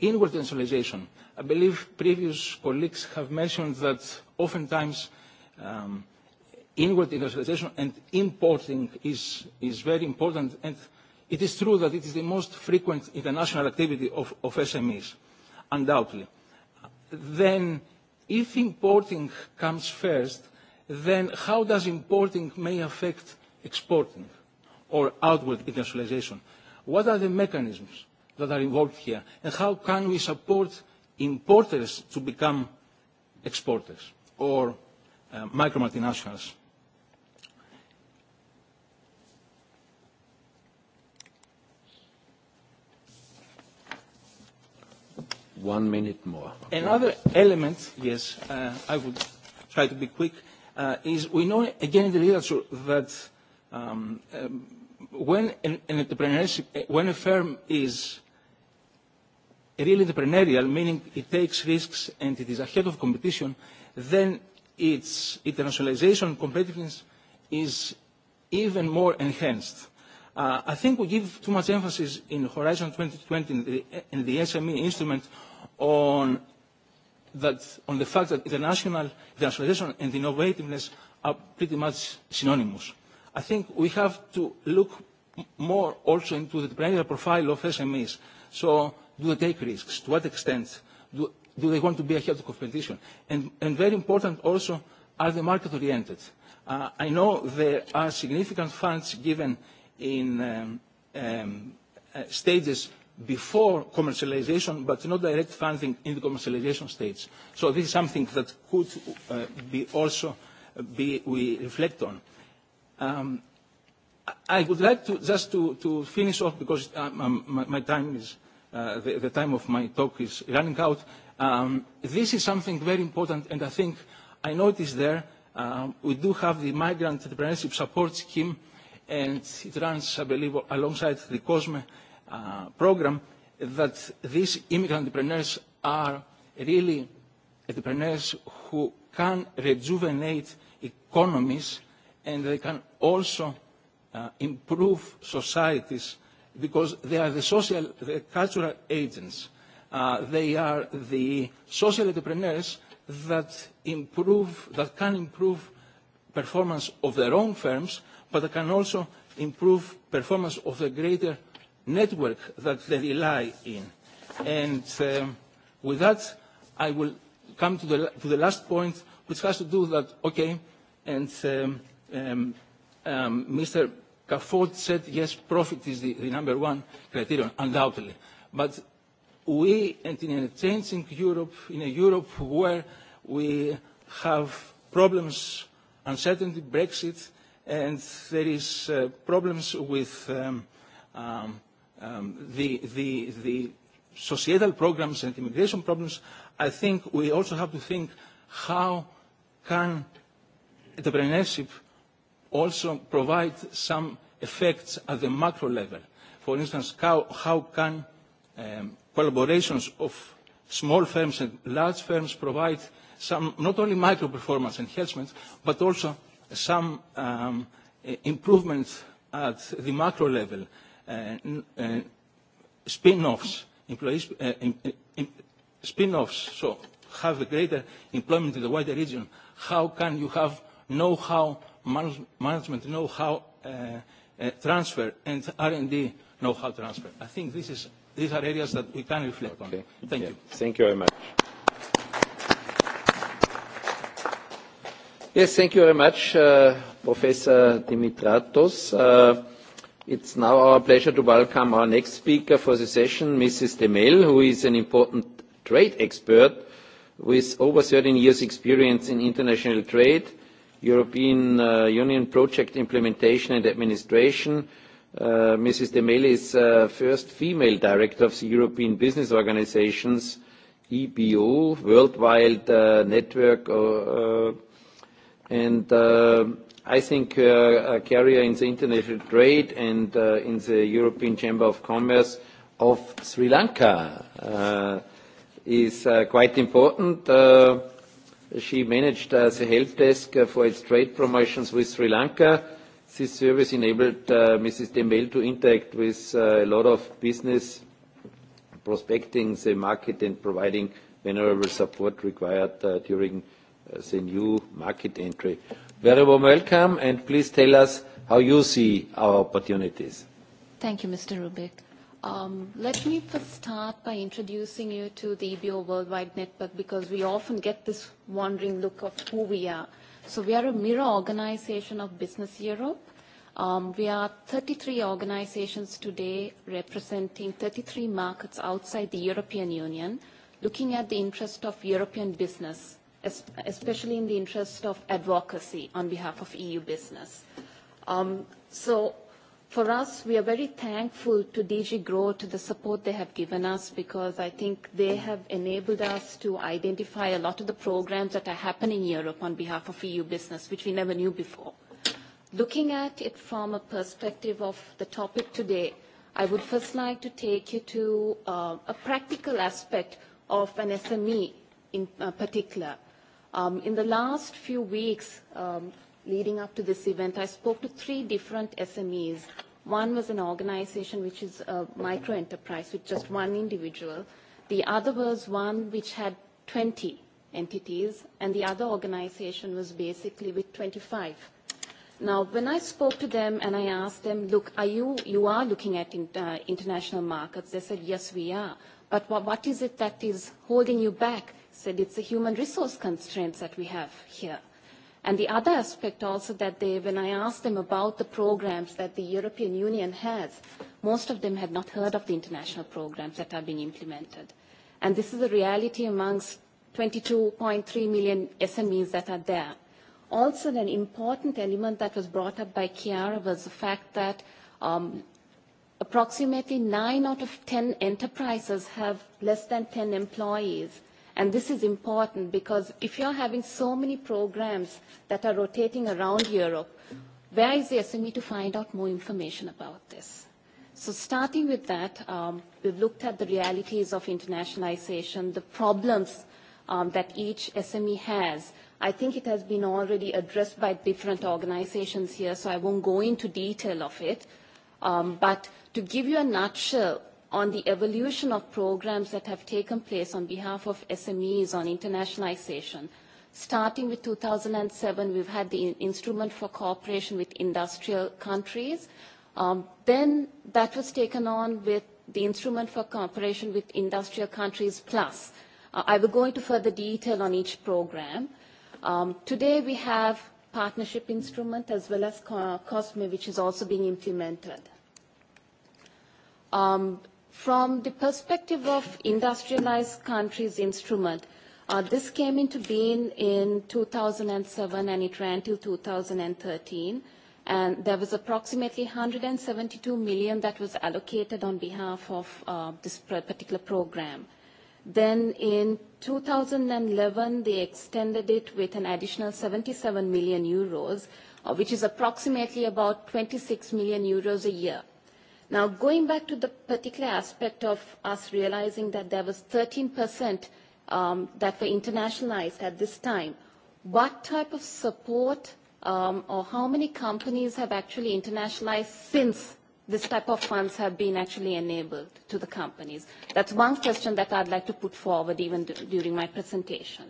inward internationalization? I believe previous colleagues have mentioned that oftentimes um, inward internationalization and importing is, is very important, and it is true that it is the most frequent international activity of, of SMEs, undoubtedly. Then If importing comes first, then how does importing may affect exporting or outward internationalization? What are the mechanisms that are involved here, and how can we support importers to become exporters or uh, micro multinationals one minute more. Okay. Another element, yes, uh, I would try to be quick, uh, is we know again in the literature that um, um, when an, an entrepreneurship, when a firm is really entrepreneurial, meaning it takes risks and it is ahead of competition, then its internationalization competitiveness is even more enhanced. Uh, I think we give too much emphasis in Horizon 2020 and the, and the SME instrument on, that, on the fact that international, internationalization and innovativeness are pretty much synonymous. I think we have to look more also into the entrepreneurial profile of SMEs. So do they take risks? To what extent? Do, do they want to be ahead of competition? And, and very important also, are they market-oriented? Uh, I know there are significant funds given in um, um, uh, stages before commercialization, but not direct funding in the commercialization stage. So this is something that could uh, be also be we reflect on. Um, I would like to just to, to finish off because um, my, my time is uh, the, the time of my talk is running out. Um, this is something very important, and I think I is there um, we do have the migrant entrepreneurship support scheme, and it runs, I believe, alongside the COSME programme program that these immigrant entrepreneurs are really entrepreneurs who can rejuvenate economies and they can also uh, improve societies because they are the social, the cultural agents. Uh, they are the social entrepreneurs that improve, that can improve performance of their own firms, but they can also improve performance of the greater network that they rely in. And um, with that, I will come to the, to the last point, which has to do that, okay, and um, um, um, Mr. Cafford said, yes, profit is the, the number one criterion, undoubtedly. But we, and in a changing Europe, in a Europe where we have problems, uncertainty, Brexit, and there is uh, problems with um, um, um, the, the, the societal problems and immigration problems, I think we also have to think how can entrepreneurship also provide some effects at the macro level. For instance, how, how can um, collaborations of small firms and large firms provide some not only micro performance enhancements, but also some um, improvements at the macro level spin-offs, employees, spin-offs, so have a greater employment in the wider region, how can you have know-how, management know-how transfer and R&D know-how transfer? I think this is, these are areas that we can reflect on. Thank you. Thank you very much. Yes, thank you very much, Professor Dimitratos. It's now our pleasure to welcome our next speaker for the session, Mrs. de Mel, who is an important trade expert with over 13 years experience in international trade, European Union project implementation and administration. Mrs. de Mel is first female director of the European Business Organization's EBO, Worldwide Network, and I think uh, carrier in the international trade and uh, in the European Chamber of Commerce of Sri Lanka uh, is uh, quite important. Uh, she managed uh, the help desk for its trade promotions with Sri Lanka. This service enabled uh, Mrs. Demel to interact with uh, a lot of business, prospecting the market and providing venerable support required uh, during uh, the new market entry. Very warm welcome, and please tell us how you see our opportunities. Thank you, Mr. Rubik. Um, let me first start by introducing you to the EBO Worldwide Network because we often get this wandering look of who we are. So we are a mirror organization of Business Europe. Um, we are 33 organizations today representing 33 markets outside the European Union, looking at the interest of European business especially in the interest of advocacy on behalf of EU business. Um, so for us, we are very thankful to DG Grow to the support they have given us because I think they have enabled us to identify a lot of the programs that are happening in Europe on behalf of EU business, which we never knew before. Looking at it from a perspective of the topic today, I would first like to take you to uh, a practical aspect of an SME in particular. Um, in the last few weeks um, leading up to this event, I spoke to three different SMEs. One was an organization which is a micro enterprise with just one individual. The other was one which had 20 entities, and the other organization was basically with 25. Now, when I spoke to them and I asked them, look, are you, you are looking at in, uh, international markets, they said, yes, we are. But what, what is it that is holding you back? said it's the human resource constraints that we have here. And the other aspect also that they, when I asked them about the programs that the European Union has, most of them had not heard of the international programs that are being implemented. And this is a reality amongst 22.3 million SMEs that are there. Also, an important element that was brought up by Chiara was the fact that um, approximately nine out of 10 enterprises have less than 10 employees And this is important because if you're having so many programs that are rotating around Europe, where is the SME to find out more information about this? So starting with that, um, we've looked at the realities of internationalization, the problems um, that each SME has. I think it has been already addressed by different organizations here, so I won't go into detail of it. Um, but to give you a nutshell on the evolution of programs that have taken place on behalf of SMEs on internationalization. Starting with 2007, we've had the Instrument for Cooperation with Industrial Countries. Um, then that was taken on with the Instrument for Cooperation with Industrial Countries Plus. Uh, I will go into further detail on each program. Um, today we have partnership instrument as well as COSME, which is also being implemented. Um, From the perspective of industrialized countries instrument, uh, this came into being in 2007 and it ran till 2013 and there was approximately 172 million that was allocated on behalf of uh, this particular program. Then in 2011, they extended it with an additional 77 million euros, uh, which is approximately about 26 million euros a year. Now, going back to the particular aspect of us realizing that there was 13% um, that were internationalized at this time, what type of support um, or how many companies have actually internationalized since this type of funds have been actually enabled to the companies? That's one question that I'd like to put forward even during my presentation.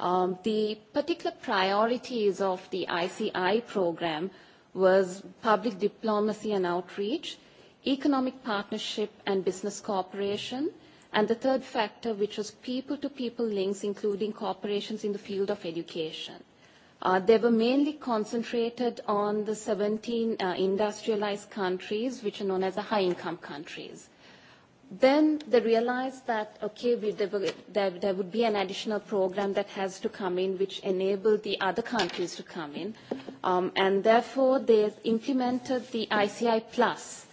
Um, the particular priorities of the ICI program was public diplomacy and outreach, economic partnership and business cooperation, and the third factor, which was people-to-people links, including corporations in the field of education. Uh, they were mainly concentrated on the 17 uh, industrialized countries, which are known as the high-income countries. Then they realized that, okay, we, there, were, there, there would be an additional program that has to come in, which enabled the other countries to come in. Um, and therefore, they implemented the ICI Plus,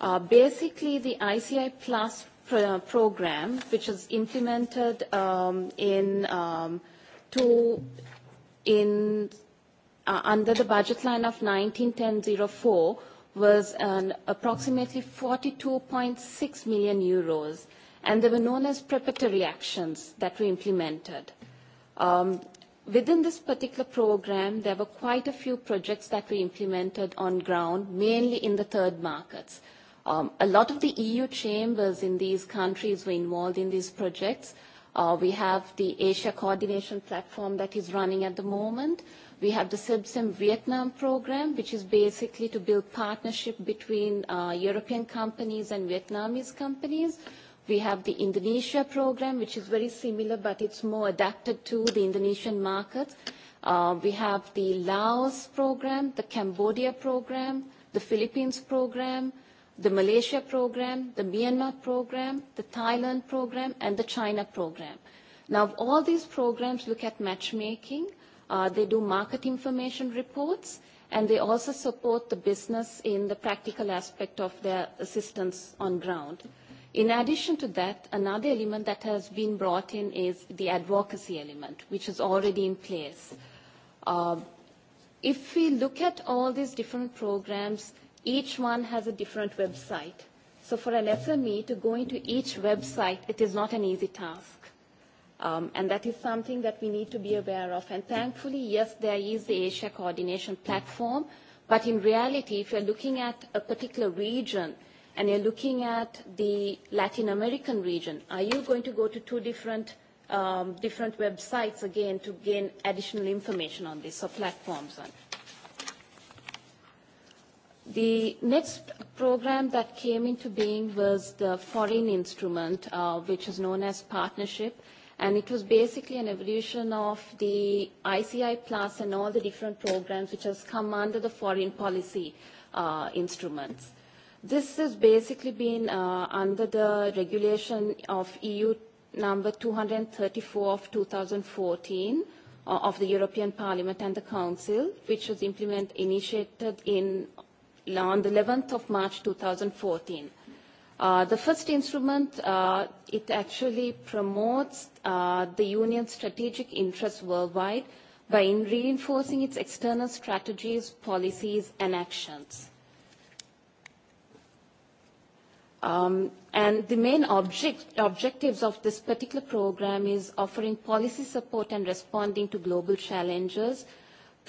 Uh, basically, the ICI Plus pro- program, which was implemented um, in um, in uh, under the budget line of 191004 was an approximately 42.6 million euros, and they were known as preparatory actions that were implemented. Um, within this particular program, there were quite a few projects that were implemented on ground, mainly in the third markets. Um, a lot of the EU chambers in these countries were involved in these projects. Uh, we have the Asia Coordination Platform that is running at the moment. We have the SIBSIM Vietnam program, which is basically to build partnership between uh, European companies and Vietnamese companies. We have the Indonesia program, which is very similar, but it's more adapted to the Indonesian market. Uh, we have the Laos program, the Cambodia program, the Philippines program, the Malaysia program, the Myanmar program, the Thailand program, and the China program. Now, all these programs look at matchmaking, uh, they do market information reports, and they also support the business in the practical aspect of their assistance on ground. In addition to that, another element that has been brought in is the advocacy element, which is already in place. Uh, if we look at all these different programs, Each one has a different website. So for an SME to go into each website, it is not an easy task. Um, and that is something that we need to be aware of. And thankfully, yes, there is the Asia coordination platform, but in reality, if you're looking at a particular region and you're looking at the Latin American region, are you going to go to two different um, different websites again to gain additional information on this or platforms on it? The next program that came into being was the foreign instrument, uh, which is known as partnership. And it was basically an evolution of the ICI Plus and all the different programs which has come under the foreign policy uh, instruments. This has basically been uh, under the regulation of EU number 234 of 2014 uh, of the European Parliament and the Council, which was implemented initiated in on the 11th of March 2014. Uh, the first instrument, uh, it actually promotes uh, the Union's strategic interests worldwide by in reinforcing its external strategies, policies, and actions. Um, and the main object, objectives of this particular program is offering policy support and responding to global challenges –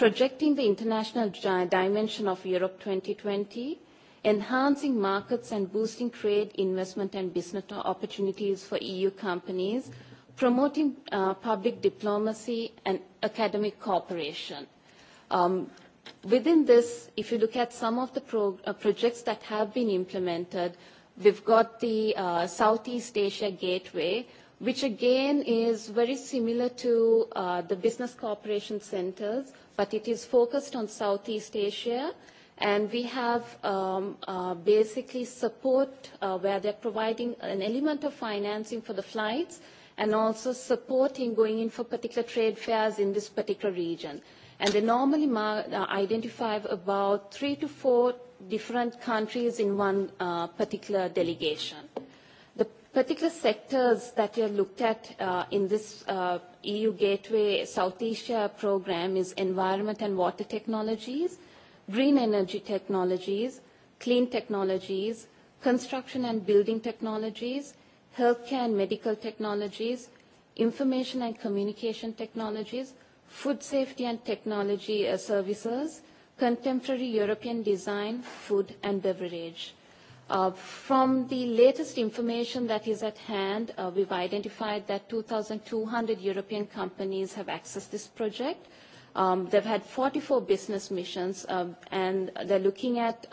projecting the international dimension of Europe 2020, enhancing markets and boosting trade, investment and business opportunities for EU companies, promoting uh, public diplomacy and academic cooperation. Um, within this, if you look at some of the pro uh, projects that have been implemented, we've got the uh, Southeast Asia Gateway, which again is very similar to uh, the business cooperation centers, but it is focused on Southeast Asia, and we have um, uh, basically support uh, where they're providing an element of financing for the flights and also supporting going in for particular trade fairs in this particular region. And they normally identify about three to four different countries in one uh, particular delegation. The particular sectors that you looked at uh, in this uh, EU Gateway South Asia program is environment and water technologies, green energy technologies, clean technologies, construction and building technologies, healthcare and medical technologies, information and communication technologies, food safety and technology services, contemporary European design, food and beverage. From the latest information that is at hand, we've identified that 2,200 European companies have accessed this project. They've had 44 business missions, and they're looking at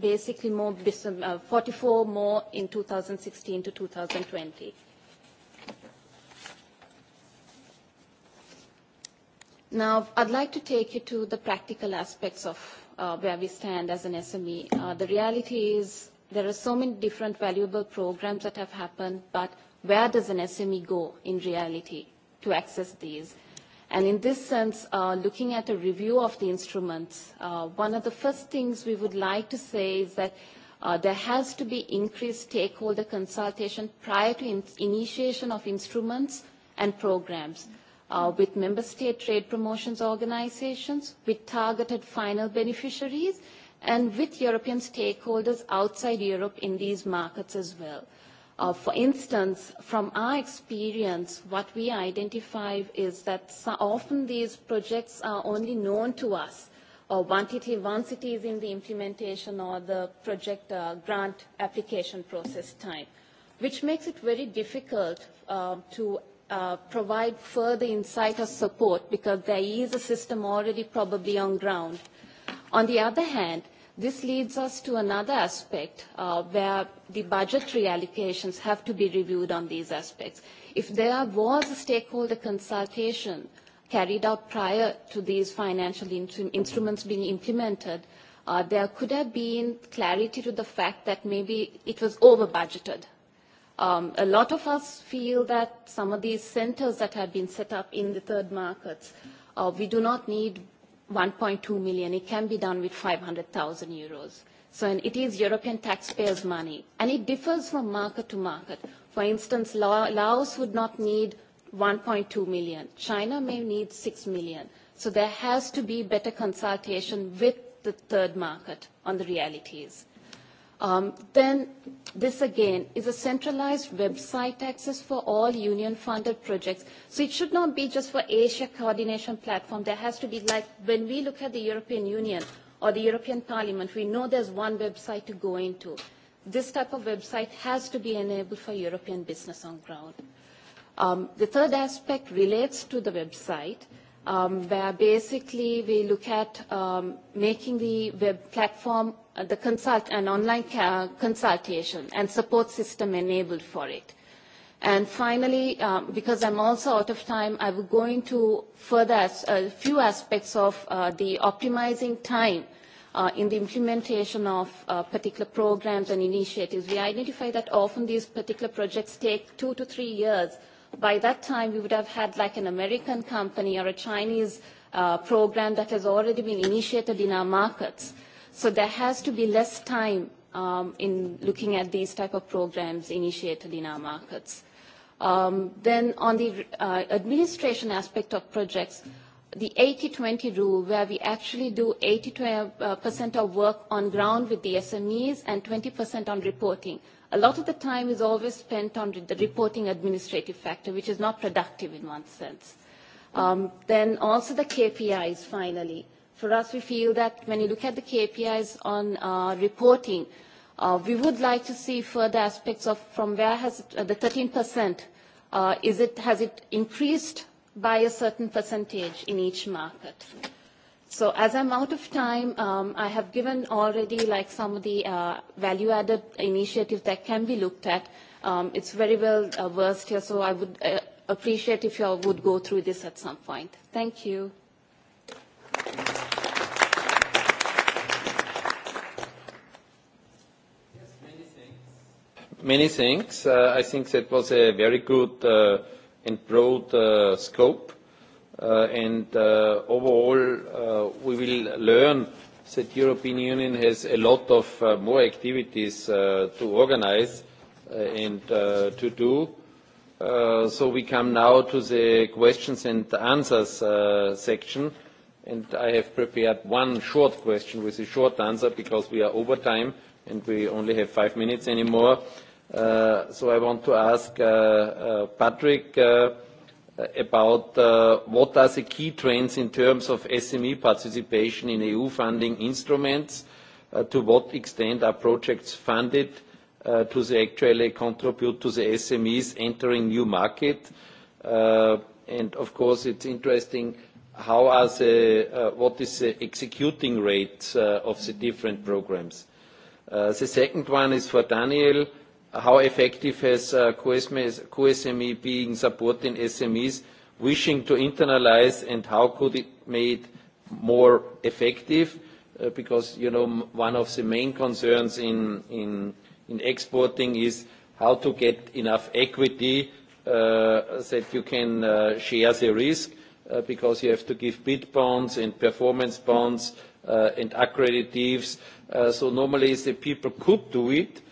basically more business, 44 more in 2016 to 2020. Now, I'd like to take you to the practical aspects of where we stand as an SME. The reality is There are so many different valuable programs that have happened, but where does an SME go in reality to access these? And in this sense, uh, looking at a review of the instruments, uh, one of the first things we would like to say is that uh, there has to be increased stakeholder consultation prior to in- initiation of instruments and programs uh, with member state trade promotions organizations, with targeted final beneficiaries, and with European stakeholders outside Europe in these markets as well. Uh, for instance, from our experience, what we identify is that so often these projects are only known to us or once it, once it is in the implementation or the project uh, grant application process time, which makes it very difficult uh, to uh, provide further insight or support because there is a system already probably on ground uh, On the other hand, this leads us to another aspect uh, where the budgetary allocations have to be reviewed on these aspects. If there was a stakeholder consultation carried out prior to these financial instruments being implemented, uh, there could have been clarity to the fact that maybe it was over budgeted. Um, a lot of us feel that some of these centers that have been set up in the third markets, uh, we do not need 1.2 million. It can be done with 500,000 euros. So and it is European taxpayers' money. And it differs from market to market. For instance, Laos would not need 1.2 million. China may need 6 million. So there has to be better consultation with the third market on the realities. Um, then this again is a centralized website access for all union funded projects. So it should not be just for Asia coordination platform. There has to be like when we look at the European Union or the European Parliament, we know there's one website to go into. This type of website has to be enabled for European business on ground. Um, the third aspect relates to the website um, where basically we look at um, making the web platform uh, the consult an online ca- consultation and support system enabled for it. And finally, um, because I'm also out of time, I will go into further as, a few aspects of uh, the optimizing time uh, in the implementation of uh, particular programs and initiatives. We identify that often these particular projects take two to three years By that time, we would have had like an American company or a Chinese uh, program that has already been initiated in our markets. So there has to be less time um, in looking at these type of programs initiated in our markets. Um, then on the uh, administration aspect of projects, the 80-20 rule where we actually do 80% of work on ground with the SMEs and 20% on reporting – a lot of the time is always spent on the reporting administrative factor, which is not productive in one sense. Um, then also the KPIs, finally. For us, we feel that when you look at the KPIs on uh, reporting, uh, we would like to see further aspects of from where has it, uh, the 13%, uh, is it, has it increased by a certain percentage in each market? So as I'm out of time, um, I have given already like some of the uh, value-added initiatives that can be looked at. Um, it's very well uh, versed here, so I would uh, appreciate if you all would go through this at some point. Thank you. Many thanks. Uh, I think that was a very good uh, and broad uh, scope and overall, we will learn that European Union has a lot of more activities to organize and to do. So we come now to the questions and answers section, and I have prepared one short question with a short answer because we are over time, and we only have five minutes anymore. So I want to ask Patrick about what are the key trends in terms of SME participation in EU funding instruments, to what extent are projects funded to the actually contribute to the SMEs entering new market. And Of course, it's interesting how are the what is the executing rate of the different programs. The second one is for Daniel how effective has QSME been supporting SMEs wishing to internalize, and how could it made more effective? Because, you know, one of the main concerns in exporting is how to get enough equity that you can share the risk, because you have to give bid bonds and performance bonds and accreditives. So normally, the people could do it,